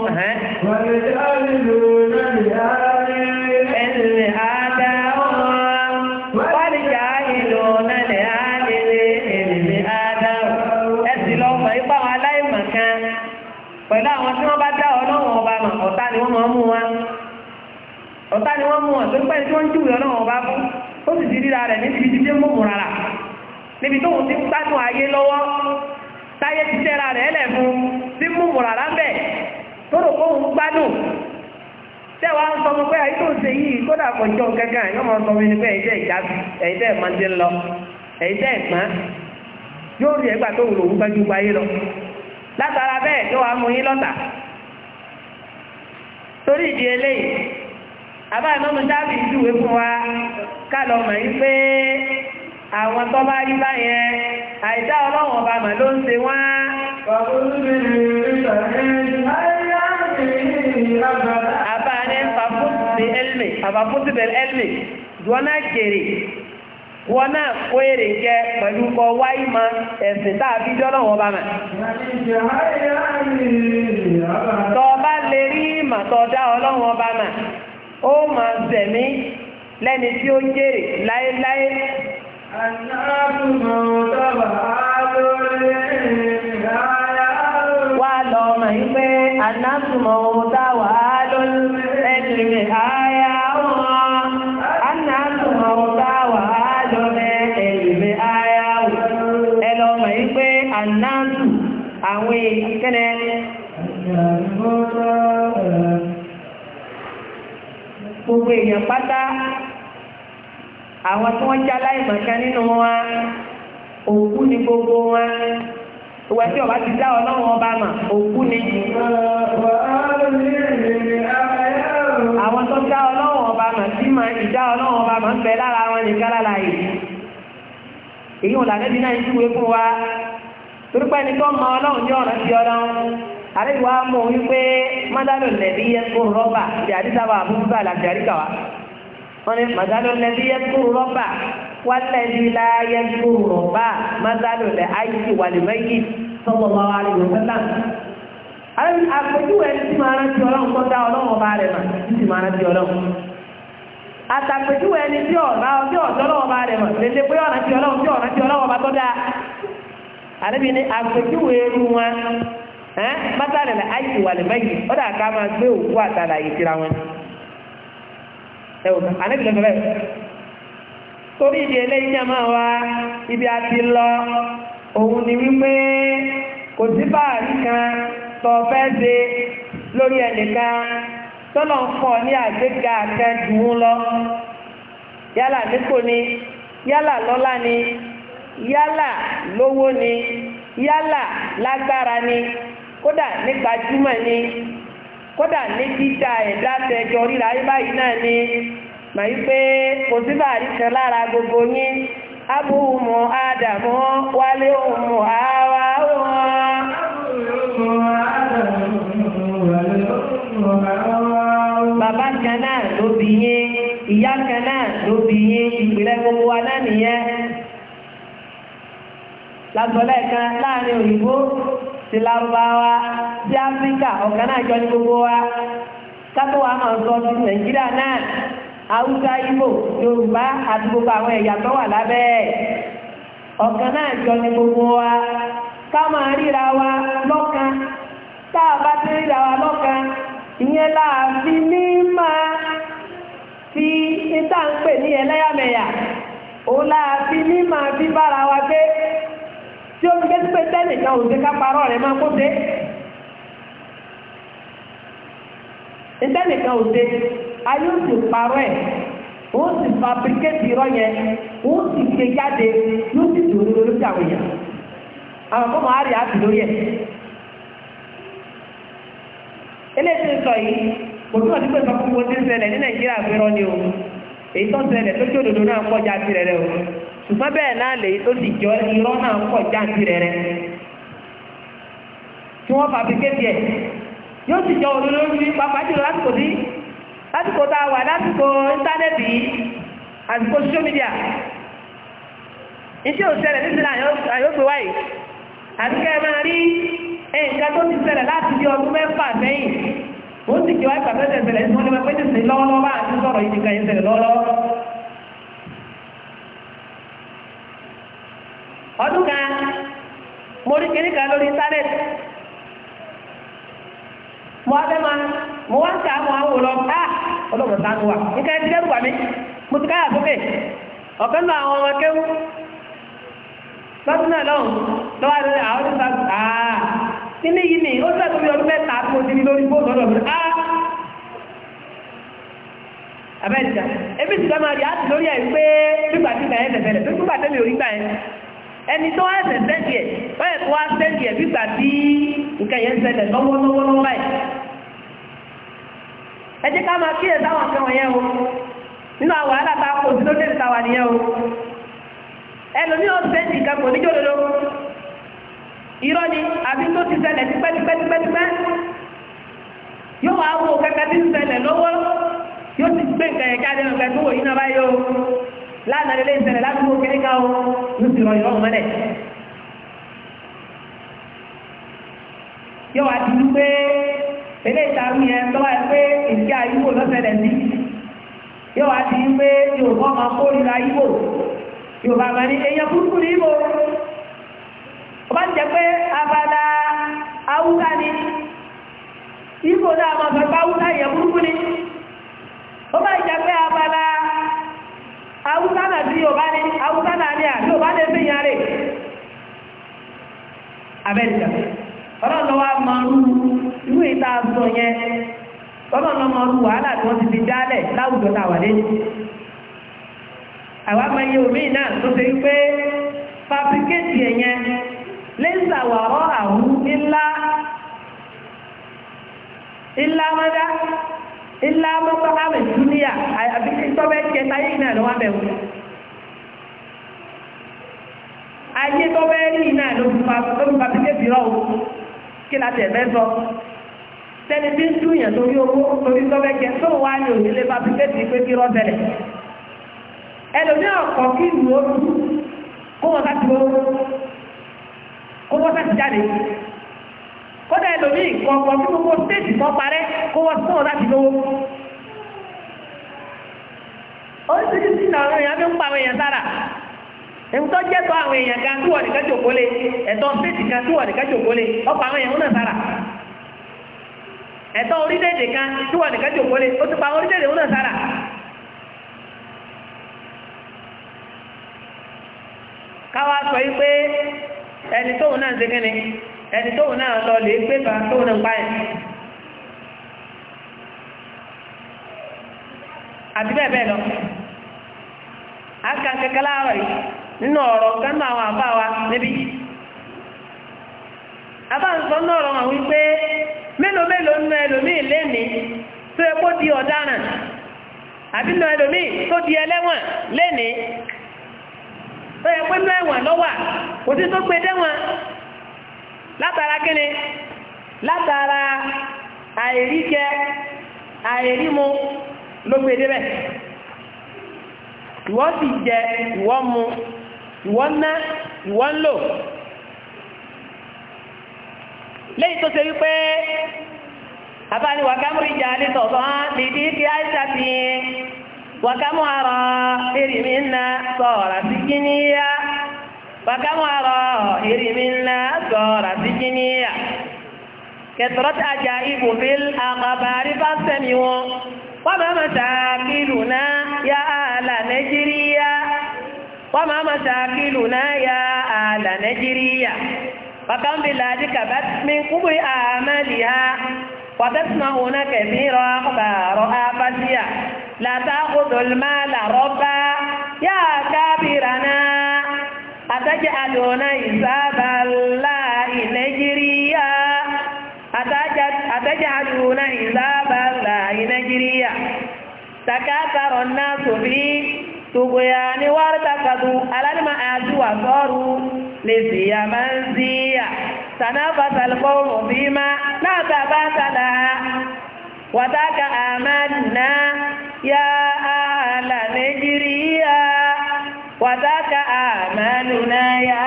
ọ̀tá ni wọ́n mú wọn tó ń pẹ́ tí wọ́n ń júwèé ọlọ́run ọba fún ó sì ti ríra rẹ̀ níbi ibi tí ó mú rárá níbi tó ń ti gbádùn ayé lọ́wọ́ táyé ti tẹ́ra rẹ̀ lẹ̀ fún tí mú rárá ń bẹ̀ tó rò pé òun gbádùn tẹ́wàá ń sọ fún pé àyíkò ṣe yìí kódà kò jọ kankan yóò máa sọ fún mi pé ẹ̀yìn tẹ́ ìjà ẹ̀yìn tẹ́ ìmọ̀ ti ń lọ ẹ̀yìn tẹ́ ìpọ́n yóò rí ẹgbà tó wùlò wúgbà ju ayé lọ látara bẹ́ẹ̀ tó wàá mú yín lọ́tà torí ìdí eléyìí àbá ìmọ̀mù dábì ìjúwe fún wa ká lọ mọ̀ yí pé àwọn tó bá rí báyẹn àìdá ọlọ́wọ̀n ọba mà ló ń ṣe wọ́n. àbá ní fàfúsì ẹlmì àfàfúsì bẹ̀rẹ̀ ẹlmì wọn náà jèrè wọn náà kó èrè jẹ pẹ̀lú kọ wáyé ma ẹ̀sìn tá a fi jọ́ lọ́wọ́ ọba mà. tọ́ ọba lè rí ìmọ̀ tọ́ dá ọlọ́wọ́n ọba mà ó máa sẹ̀mí lẹ́ni tí ó jèrè láéláé. Wà lọ́mọ̀ yí pé ànátùmọ̀ òun táwàá lórí ẹ̀dùn rẹ̀ á. gbogbo èèyàn pátá àwọn tí wọ́n já láìmọ̀kan nínú wọn òkú ni gbogbo wọn ìwà tí ọba ti dá ọlọ́run ọba mà òkú ni. àwọn tó dá ọlọ́run ọba mà sí mà ìdá ọlọ́run ọba mà ń bẹ lára wọn nìkan lára yìí èyí wọn làbẹ́bí náà ń júwe fún wa torípé ẹni tó mọ ọlọ́run jẹ́ ọ̀rọ̀ sí ọlọ́run. àrẹ ìwà mọ̀ wípé mádàlù lẹ́bí yẹ́kú rọ́bà ti àdísàbà àbúrúbà láti àríkà wa wọ́n ní mádàlù lẹ́bí yẹ́kú rọ́bà wálẹ̀bí la yẹ́kú rọ́bà mádàlù lẹ́ àìsí wàlìmẹ́yì sọ́kọ̀ọ́ àríwọ̀ sẹ́lá àrẹ àpèjúwe ti máa ọba rẹ̀ mà ti ọba pé ọba ni ẹ́ mátàlẹ̀lẹ̀ àìsí wà lè mẹ́yìn ó dà ká máa gbé òkú àtàlà yìí síra wọn ẹ̀wọ̀n torí ìdí wá ibi a ti lọ òun ni wípé kò sí báàrí kan lórí ẹnìkan tọ́nà kódà ní gbajúmọ̀ ni kódà ní dídá ẹ̀dá tẹjọ ríra ayé báyìí náà ni mà yí pé kò sí bàárí kan lára gbogbo yín abúhùmọ̀ wálé ọmọ àwa wọn. bàbá kan náà ló bí yín ìyá kan náà ló bí kan láàrin òyìnbó ti lárúbáwá ti áfíríkà ọ̀kan náà jọ ní gbogbo wa kátó wa máa sọ ti nàìjíríà náà haúsá ibo yorùbá àti gbogbo àwọn ẹ̀yà tó wà lábẹ́ ẹ̀ ọ̀kan náà jọ ní gbogbo wa ká máa ríra wa lọ́kan tá a bá ti ríra wa lọ́kan ìyẹn láàfin ní máa fi ní tá à ń pè ní ẹlẹ́yàmẹ̀yà òun láàfin ní máa fi bára wa gbé tí ó fi gé pé tẹ́lẹ̀ kan ò sí ká parọ́ rẹ̀ máa kó dé tẹ́lẹ̀ kan ò dé ayé ó sì parọ́ ẹ̀ ó sì fabricate irọ́ yẹn ó sì gbé jáde ló sì dùn ní olóṣèlú àwọn èèyàn àwọn kọ́mọ àárẹ̀ àti lórí ẹ̀ eléyìí sọ yìí kò tún àti pé sọ fún wọn ti ń ṣẹlẹ̀ ní Nàìjíríà gbérọ́ ni o èyí tó ń ṣẹlẹ̀ tó tí òdòdó náà pọ̀ já tirẹ̀ rẹ̀ o ṣùgbọ́n bẹ́ẹ̀ náà lèyí tó sì jọ irọ́ náà pọ̀ jáǹtì rẹ̀ rẹ̀ tí wọ́n fàbíkéètì ẹ̀ yóò sì jọ olólórí pàápàá jùlọ lásìkò sí lásìkò tá a wà lásìkò íńtánẹ́ẹ̀tì yìí àsìkò social media iṣẹ́ òṣèlẹ̀ nítorí àyọ́gbé wáyé àdúgbẹ́ máa rí nǹkan tó ti ṣẹlẹ̀ láti bí ọdún mẹ́fà sẹ́yìn ó sì jọ ẹgbàá fẹ́sẹ̀ ṣẹlẹ̀ tí wọ́n lé ọdún kan mo rí kiri kan lórí internet mo wá fẹ́ ma mo wá ń ta àwọn àwòrán bá ah, ọlọ́mọ sánú wa nǹkan ẹtí dẹ́rù wà mí mo ti káyà sókè ọ̀fẹ́ nù àwọn ọmọ kéwú lọ́dún náà lọ́hùn lọ́wọ́ àti àwọn ọdún sáà áá ah, nílé yìí ni ó sẹ́kù bí ọdún mẹ́ta tó ti ní lórí bóòlù ọ̀dọ̀ mi ah. áá abẹ́ẹ̀dìjà ebi ti dá máa rí àti lórí ẹ̀ pé nígbà tí ìgbà yẹn tẹ̀fẹ̀rẹ̀ nígbà tẹ́mi ò rí gbà yẹn ẹni tó wá ẹsẹ̀ sẹ́ndì ẹ̀ ó yẹ wá sẹ́ndì ẹ̀ tí nǹkan yẹn lọ́wọ́lọ́wọ́ báyìí ẹ jẹ́ ká máa kíyè sáwọn o nínú àwọn wàhálà kò sí lóde ìta nìyẹn o ẹlòmí sẹ́ndì kan kò níjó lolo irọ́ ni àbí tó ti tipẹ́tipẹ́tipẹ́ yóò wá wo lọ́wọ́ yóò ti gbé wò yín náà o. lánàá lè ṣẹlẹ̀ ládùúgbò kiri ká o ló ti rọ ìrọ̀rùn mẹ́lẹ̀. yóò wá dúdú pé ilé ìtàrú yẹn lọ́wọ́ ẹ pé ìdí àyíwò lọ́sẹ̀lẹ̀ sí yóò wá di pé yorùbá máa kórìíra yíwò yorùbá máa ní èèyàn burúkú ní yíwò ó bá ń jẹ pé abala awúká ni yíwò náà máa fẹ́ bá awúká yẹn burúkú ni ó bá ń jẹ pé abala. haúsá náà ní àjò bá lè fi yàn rè abẹ́rìkà ọlọ́lọ́wọ́ amarú irú ìta sọ yẹn ọlọ́lọ́mọrú wàhálà tí wọ́n ti fi dálẹ̀ láwùjọ tá a wà lẹ́yìn àwa máa yẹ omi náà tó ṣe wípé fabricate yẹn lẹ́sà wàrọ́ àwọn ńlá ńlá mọ́dá ńlá mọ́kọ́ àmì dúníà àbí tọ́bẹ̀ yìí náà lọ́wọ́ bẹ̀rù ayé tó bẹ́ẹ̀ rí iná ló fi fa ló fi o kí la tẹ̀ bẹ́ẹ̀ sọ sẹ́ni tí ń dúnyàn torí owó torí tó bẹ́ẹ̀ jẹ tó wá ní ònílé fa pípé bìí pé kí rọ́ tẹ̀lẹ̀ ẹlòmí ọ̀kọ̀ kí ìlú ó dùn kó wọn bá ti wọ́n kó wọ́n bá ti jáde kódà ẹlòmí ìkọ̀ọ̀kọ̀ kí gbogbo stéèjì kan parẹ́ kó wọ́n tó wọn láti lówó oríṣiríṣi làwọn èèyàn fi ń pa àwọn èèyàn sára nǹkan jẹ́ tó àwọn èèyàn kan tí wọ́n nìkan jòkó lé ẹ̀tọ́ stéètì kan tí wọ́n nìkan jòkó lé ọkọ̀ àwọn èèyàn náà sára ẹ̀tọ́ orílẹ̀-èdè kan tí wọ́n nìkan jòkó lé ó ti pa àwọn orílẹ̀-èdè náà sára káwá sọ yí pé ẹni tóun náà ṣe kíni ẹni tóun náà lọ lè gbé bá tóun náà pa ẹ̀ àti bẹ́ẹ̀ bẹ́ẹ̀ lọ. Aka kẹkẹ láàárọ̀ yìí. nínú ọ̀rọ̀ gánà àwọn àbá wa níbí abáǹsọ náà rọ wọn wípé mélòó mélòó nínú ẹlòmíì lẹ́ni tó epo di ọ̀daràn àbí nínú ẹlòmíì tó di ẹlẹ́wọ̀n lẹ́ni tó nínú ẹ̀wọ̀n lọ́wà kò sí tó gbé dẹ́wọ̀n látara kíni látara àìríkẹ àìrímu ló gbé débẹ̀ sì jẹ mu ìwọ ń ná ìwọ ń lò lẹ́yìn tó ṣe wípé abáni wàkámù ìjà lè sọ̀tọ̀ lè dí kí á ṣàfihàn wàkámù àrọ̀ èrìmí ńlá sọ̀rọ̀ sí kíníyà wàkámù àrọ̀ èrìmí ńlá sọ̀rọ̀ sí kíníyà kẹtọrọt àjà ibùfil àkàbàrí bá sẹ́mi wọn wọ́n máa ma ṣàkìlù náà yá àlà nàìjíríyà wa ma masakiluna ya ala Nàìjíríà bàbá ń bi láti kàbá mi kúbu àmàlì ha wàtẹ́sìmọ̀ òun náà kẹ̀mí rọ bàrọ̀ abájíà látàkùdùlmá làrọ́bá yá kábìrà náà àtàjẹ́ àlùna ìsábàlá Nàìjíríà àtàjẹ́ àlùna ìsábàlá Nàìjíríà takátàrọ̀ náà tòbí ni Tuguyani wartakadu alalima aju wa soru lisiya manziya tanafasa alqawmu bima la tabata laha wataka amanna ya ala najriya wataka amanuna ya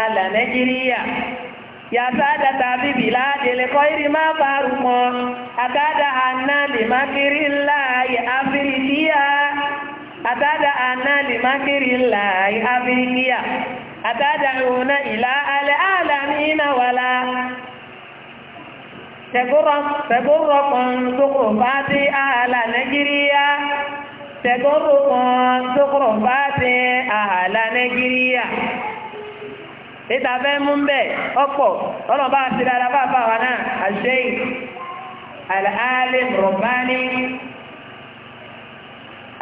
ala najriya ya sadata bi biladil khairi ma farumo akada la limakrillahi afrikiya àtàdà àná lè má kiri ńlá àbíkíyà àtàdà òunà ìlà alẹ́ àlàmì iná wàlá tẹ̀gọ́rọ̀ kan tókòrò bá ti àhàlà nàìjíríà tẹ̀gọ́rọ̀ kan tókòrò bá ti àhàlà nàìjíríà níta fẹ́ mú bẹ́ ọ̀pọ̀ ọ̀nà bá ti náà àṣẹ àlàálẹ̀ rọ̀bá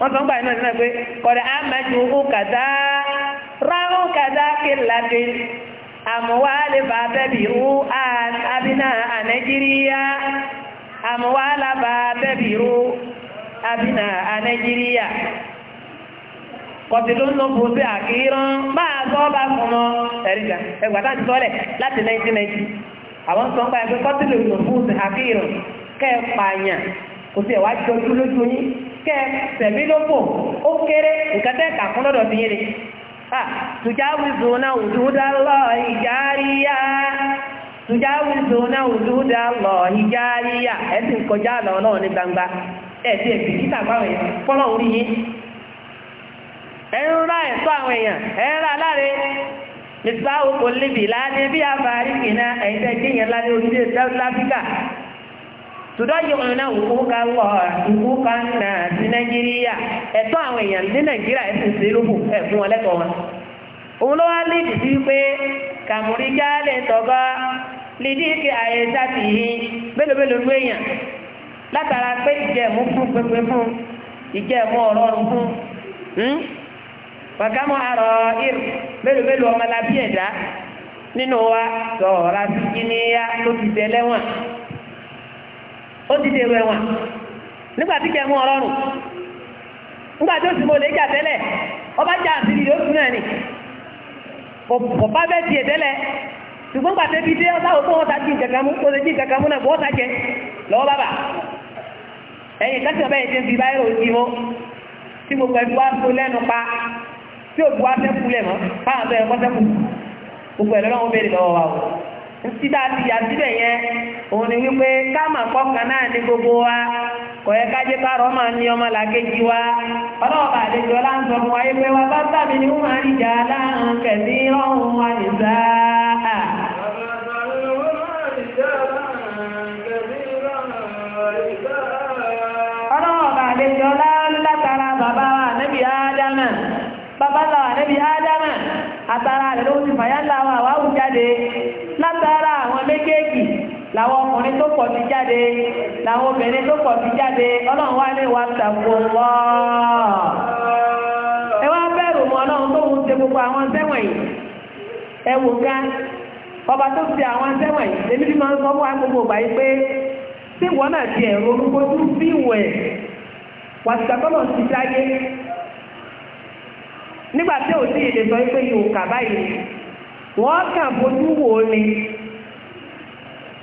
wọ́n sọ ń gbà iná nínú pé kọ̀dà amẹ́jú ó kàdá ráhùn kàdá kí ládé àmúwálé bá bẹ́bí ó àbínà nàìjíríà àmúwálá bá bẹ́bí ó àbínà nàìjíríà kọ̀tí ló ń lọ bó máa bá fún ẹ̀ríkà sọ́lẹ̀ láti 1990 àwọn sọ kọ́tí ló kò sí ẹ̀wá jọjú lójú yín kẹ́ ẹ ló bò ó kéré nǹkan tẹ́ kà fún lọ́dọ̀ lọ ìjáríyá lọ ìjáríyá kọjá àlọ́ náà ní gbangba ẹ sì ẹ̀bì báwọn èèyàn fọ́nà orí yín. ẹ ń ra àwọn èèyàn mr láti bí afárí kìnnà tùdájìmọ̀nà òkúka wọ̀ òkúka nà ti nàìjíríà ẹ̀tọ́ àwọn èèyàn ní nàìjíríà ẹ̀sìn sí lóhùn ẹ̀ fún wọn lẹ́kọ̀ọ́ wọn. òun ló wá léèdì sí pé kàmùrí jálè ló èèyàn látara pé fún pépé fún fún ir nínú wa àti ló ti ó ti dèrò ẹ̀wọ̀n nígbà tí kẹ́ mú ọlọ́run nígbà tí ó sì mọ lè jà tẹ́lẹ̀ ọba jà àti ìdí náà ni kò bá bẹ́ẹ̀ tiẹ̀ tẹ́lẹ̀ ṣùgbọ́n dé ta jí mú kóso jí mú náà jẹ lọ́wọ́ bàbà ẹ̀yìn báyìí òsì mọ́ tí mo pẹ̀lú wá fún lẹ́nu pa tí wá fẹ́ lẹ̀ mọ́ fáwọn tó yẹ kọ́ sẹ́kù ẹ̀ lọ́wọ́ bẹ̀rẹ̀ lọ́wọ́ wa ntí tá a ti yà síbẹ̀ yẹn òun ni wípé ká mà kọ́kàn náà ní gbogbo wa kò yẹ kájé kárọ̀ ọmọ ní ọmọ làkejì wa ọlọ́ọ̀bà àlejò ọlá ń sọ fún wa yé pé wa bá sábì ní wọn àríjà láàrín kẹ̀mí ọ̀hún wa nìsáà. ọlọ́ọ̀bà àlejò látara bàbá wa nẹ́bí ádámà bàbá wa nẹ́bí ádámà àtàrà rẹ̀ ló ti fàyà láwà wà wù jáde. látara àwọn méjèèjì làwọn ọkùnrin tó pọ̀ ti jáde làwọn obìnrin tó pọ̀ ti jáde ọlọ́run wá ẹ wá bẹ̀rù mọ́ ọlọ́run tó ń ṣe gbogbo àwọn sẹ́wọ̀n yìí ẹ wò ọba tó ṣe àwọn sẹ́wọ̀n yìí èmi máa ń sọ fún wa gbogbo yìí pé wọ́n kà bójú wò ni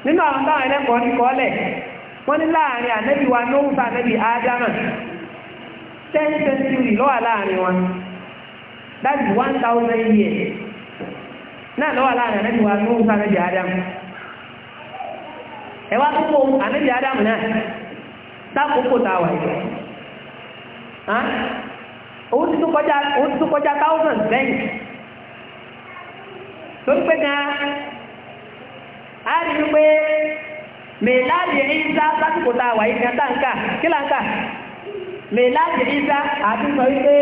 nínú àwọn táwọn ẹlẹ́kọ̀ọ́ ti kọ́lẹ̀ wọ́n ní láàrin ànẹ́bí wa ní oúnjẹ ànẹ́bí ádámà 10th century lọ́wà láàrin wọn that is 1000 years náà lọ́wà láàrin ànẹ́bí wa ní oúnjẹ ànẹ́bí ádámà ẹwà tó kó ànẹ́bí ádámà náà tákòókò táwà ìgbà òun ti tó kọjá 1000 lẹ́yìn tó ń pé gan a rí i pé mèláàdì ìsá sásìkò tá a wà yìí gan kí là ń kà àti sọ wípé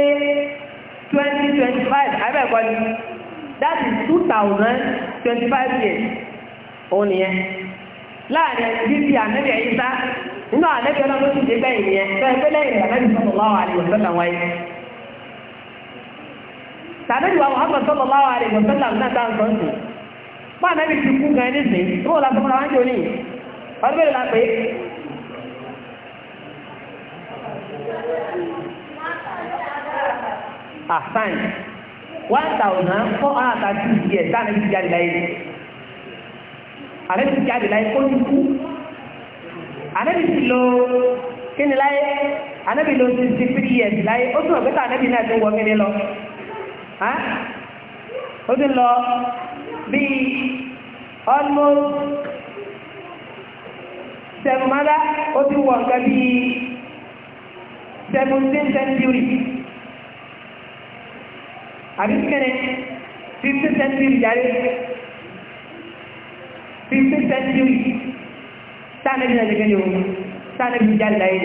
twenty twenty ni that is 2025 thousand twenty five years òun nìyẹn láàrin bíbí ànábì ìsá nínú ànábì ọlọ́run tó ti dé bẹ́ẹ̀ nìyẹn fẹ́ẹ́ fẹ́ lẹ́yìn ànábì sọ̀rọ̀ láwọn àlè tàbí wa Muhammad sallallahu alaihi wa sallam náà sáà sọ ní pa náàbì ti kú gan nísìn tí ó lásán fúnra wájú ní ọdún mẹ́rin lápé àfáàn 1430 years sáà náàbì ti jáde láyé àrẹ́bì ti jáde láyé kó ti kú àrẹ́bì ti lo kí ni láyé àrẹ́bì lo 63 years láyé ó tún ọ̀gbẹ́ta àrẹ́bì náà ti ń wọ kí ni lọ ha ó ti lọ bí almost sẹ̀mọ́lá ó ti wọ̀ nǹkan bí seventeen century àbí kẹ́rẹ́ fifteen century yàrá fifteen century sáà nẹ́bí náà lè gẹ́lẹ́ òun sáà nẹ́bí jáde láyé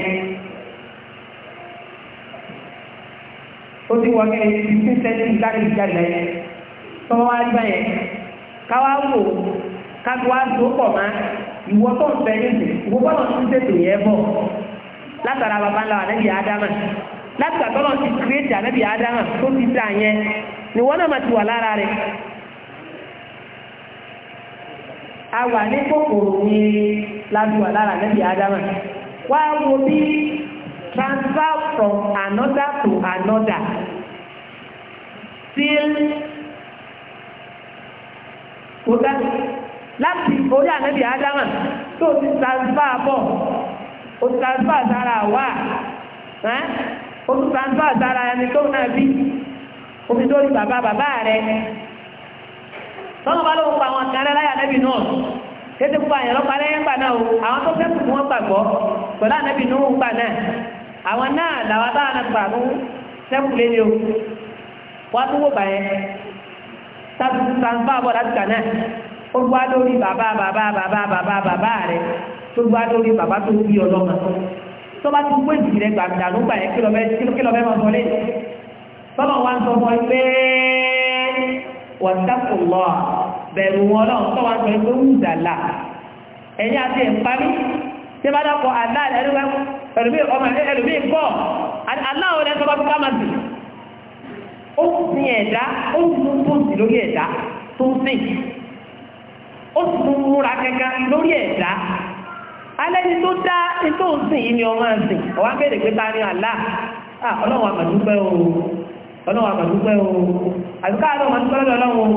tó ti wọ́n kẹ́lẹ̀ ti fi sẹ́lẹ̀ jáde jáde yẹn tó wá gbà yẹn káwá wò káwá wá tó pọ̀ má ìwọ tó ń fẹ́ yìí ìwọ bọ́lọ̀ tó ń tètè yẹn bọ̀ látara bàbá ńlá ànábì ádámà látara tọ́lọ̀ ti kírètì ànábì ádámà tó ti sà yẹn ni wọ́n náà máa ti wà lára rẹ̀ a wà ní kòkòrò ní ládùúgbò lára ànábì ádámà wá bí transfer from another to another till kò láti orí ànábì ádámà tó ti transfer bọ̀ o ti transfer sára wà o ti transfer sára ẹni tó náà bí omi lórí bàbá bàbá rẹ̀ tọ́nà bá lóun pa àwọn akẹ́rẹ́ láyà ànábì náà kéde gbogbo àyàn lẹ́yìn gbà náà o àwọn tó fẹ́ kù fún wọn gbàgbọ́ pẹ̀lú ànábì náà ń àwọn náà làwọn táwọn náà gbà fún sẹ́kùlé ni o wọ́n tún wò báyẹn tàbí bọ̀ láti kà náà ó gbá lórí bàbá bàbá bàbá bàbá bàbá rẹ̀ tó gbá lórí bàbá tó bí ọlọ́mọ tó bá ti gbé jì rẹ̀ gbàgbà ló gbà yẹn kílọ̀mẹ́ mọ̀ sọlé tọ́lọ̀ wa ń sọ fún ẹ pé wọ́n dákò lọ bẹ̀rù wọn náà tọ́wọ́ sọ pé wúdàlà ẹ̀yìn àti ẹ̀ parí tí bá dákọ̀ àlá ẹlòmíì ọmọ ẹlòmíì bọ̀ àlá ò lẹ́sọ bá fúnká máa sì ó sin ẹ̀dá ó mú bóòsì lórí ẹ̀dá tó ń sìn ó tún múra kankan lórí ẹ̀dá alẹ́ni tó dá tó ń sìn yìí ni ọmọ ẹ̀sìn ọwá bèèrè pé ta ni àlá ọlọ́run àmàdúpẹ́ o ọlọ́run àmàdúpẹ́ o àbíká ọlọ́run àmàdúpẹ́ lọ́dọ̀ ọlọ́run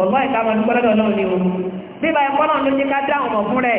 ọ̀gbọ́n ìka àmàdúpẹ́ lọ́dọ̀ ọlọ́run ni o bí bá ẹ̀kọ́ náà ló ní ká dá àwọn ọmọ fún rẹ̀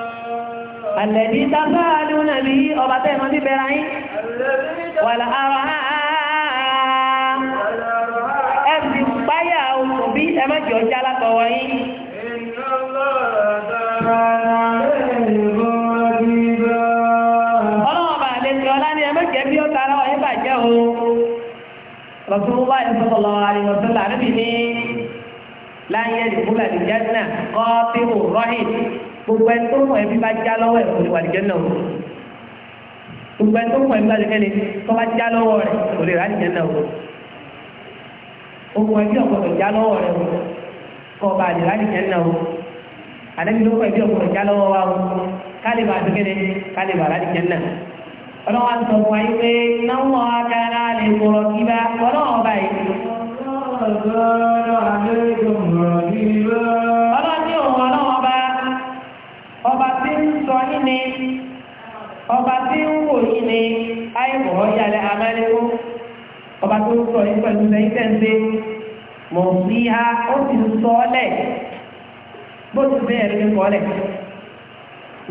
àlẹ́bí dábà lónà bí ọba tẹ́ mọ́ bíbẹ̀ ra yín wàlà ara ẹ fi páyà oṣù bí ẹ má jọ já látọwọ́ yín. ọlọ́wọ́ bá lè fi ọlá ní ẹ má jẹ́ bí ó Rasulullah sallallahu alaihi wasallam ní láyé ìfúnlẹ̀ ìjẹ́ náà kọ́ bí gbogbo ẹni tó mọ̀ ẹbí bá já lọ́wọ́ ẹ̀ kò lè wà ní jẹ́nà o gbogbo ẹni tó mọ̀ ẹbí bá lè kẹ́lẹ̀ tó bá já lọ́wọ́ rẹ̀ kò lè rà ní jẹ́nà o gbogbo ẹbí ọ̀pọ̀lọpọ̀ já lọ́wọ́ rẹ̀ o kọ́ ọba lè rà ní o àdébí ló kọ́ ẹbí ọ̀pọ̀lọpọ̀ já lọ́wọ́ wa o kálí bá dúkẹ́lẹ̀ kálí bá rà ní jẹ́nà ọlọ́wọ́ sọ fún wa yí pé náwó akára lè kọ̀rọ̀ kí bá ọlọ́wọ́ báyìí. ọlọ́wọ́ yí ni ọba tí ń wò yí ni àìmọ̀ ọ̀yàlẹ̀ amẹ́lẹ́wọ́ ọba tó ń sọ yí pẹ̀lú lẹ́yìn tẹ̀sí mọ̀ sí ha ó sì ń sọ ọ́ lẹ̀ bó ti bẹ́ẹ̀ rí kọ́ lẹ̀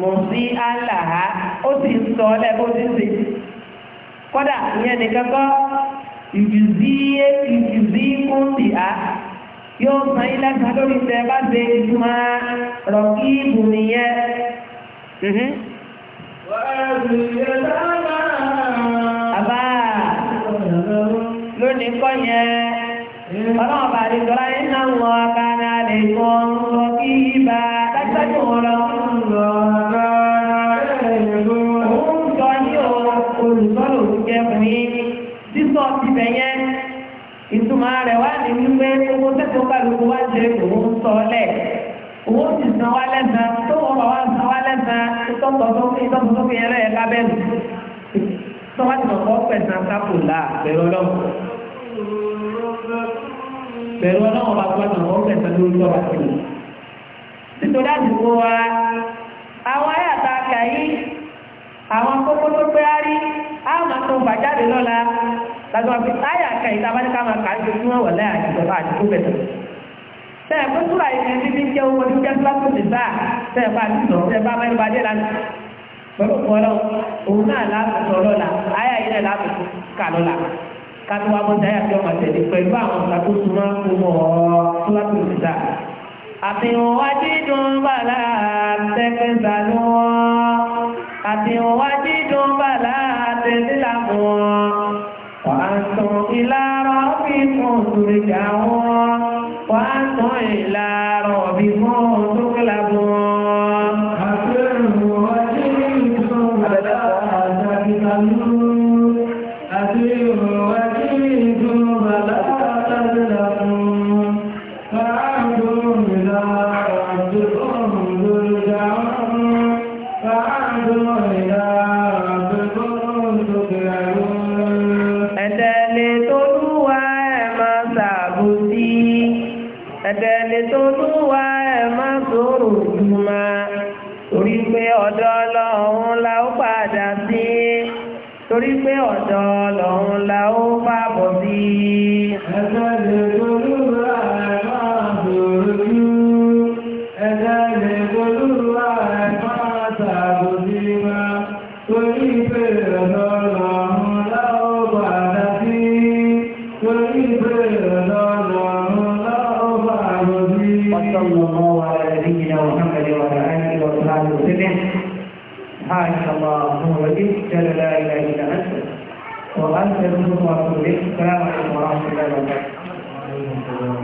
mọ̀ sí àlà ha ó sì ń sọ ọ́ lẹ̀ bó ti sè kọ́dà ìyẹn nìkan kọ́ ìjùzíyé ìjùzí kún sí ha yóò san ilé ẹ̀ka lórí tẹ́ bá ṣe ìtumọ̀ rọ̀kì ìbùnìyẹn. Mhm. Àbá lónìí kọ́ yẹn, ọlọ́run bá rí tọ́lá ní náà wọ́n aká náà lè kọ́ ọ̀rọ̀ kí ibà dájúdájú wọn lọ. Òun sọ ní o, olùsọ́lò jẹ́ fún yín. Sísọ wá jẹ́ òun sọ Owó sì san wá lẹ́sàn tó wọ́n bá wá sàn kan ìtọ́sọ̀tọ́fin ẹ̀rẹ́ ẹ̀ká bẹ́ẹ̀lú tó wá ti mọ̀ kọ́ pẹ̀sán sápò láà bẹ̀rù ọlọ́run bẹ̀rù ọlọ́run bá tó wá ti mọ̀ kọ́ pẹ̀sán lórí ọ̀rọ̀ sí i nítorí àdúgbò wa àwọn ayàtà kàyí àwọn kókó tó pé á rí àwọn tó ń bàjáde lọ́la lágbàgbé táyà kàyí tábánikà máa kàá ju fún ọ̀wọ̀ láyà àdúgbò bá àdúgbò bẹ̀rẹ̀ tẹ́ẹ̀ pé túrà ìfẹ́ ní ní jẹ́ owó oníjẹ́ kíláàsì nìta tẹ́ẹ̀ bá ti sọ tẹ́ẹ̀ bá mẹ́rin bàjẹ́ la pẹ̀lú ọ̀rọ̀ òun náà láàbùsọ̀ lọ́la ayé ayé náà láàbùsọ̀ kà lọ́la kátó wa bọ́sẹ̀ ayé àti ọmọ tẹ̀lé pẹ̀lú àwọn ìṣàkóso máa ń fún ọ kíláàsì nìta. àfihàn wa dídùn bàlá tẹ́kẹ́ sàlù wọn àfihàn wa dídùn bàlá five times.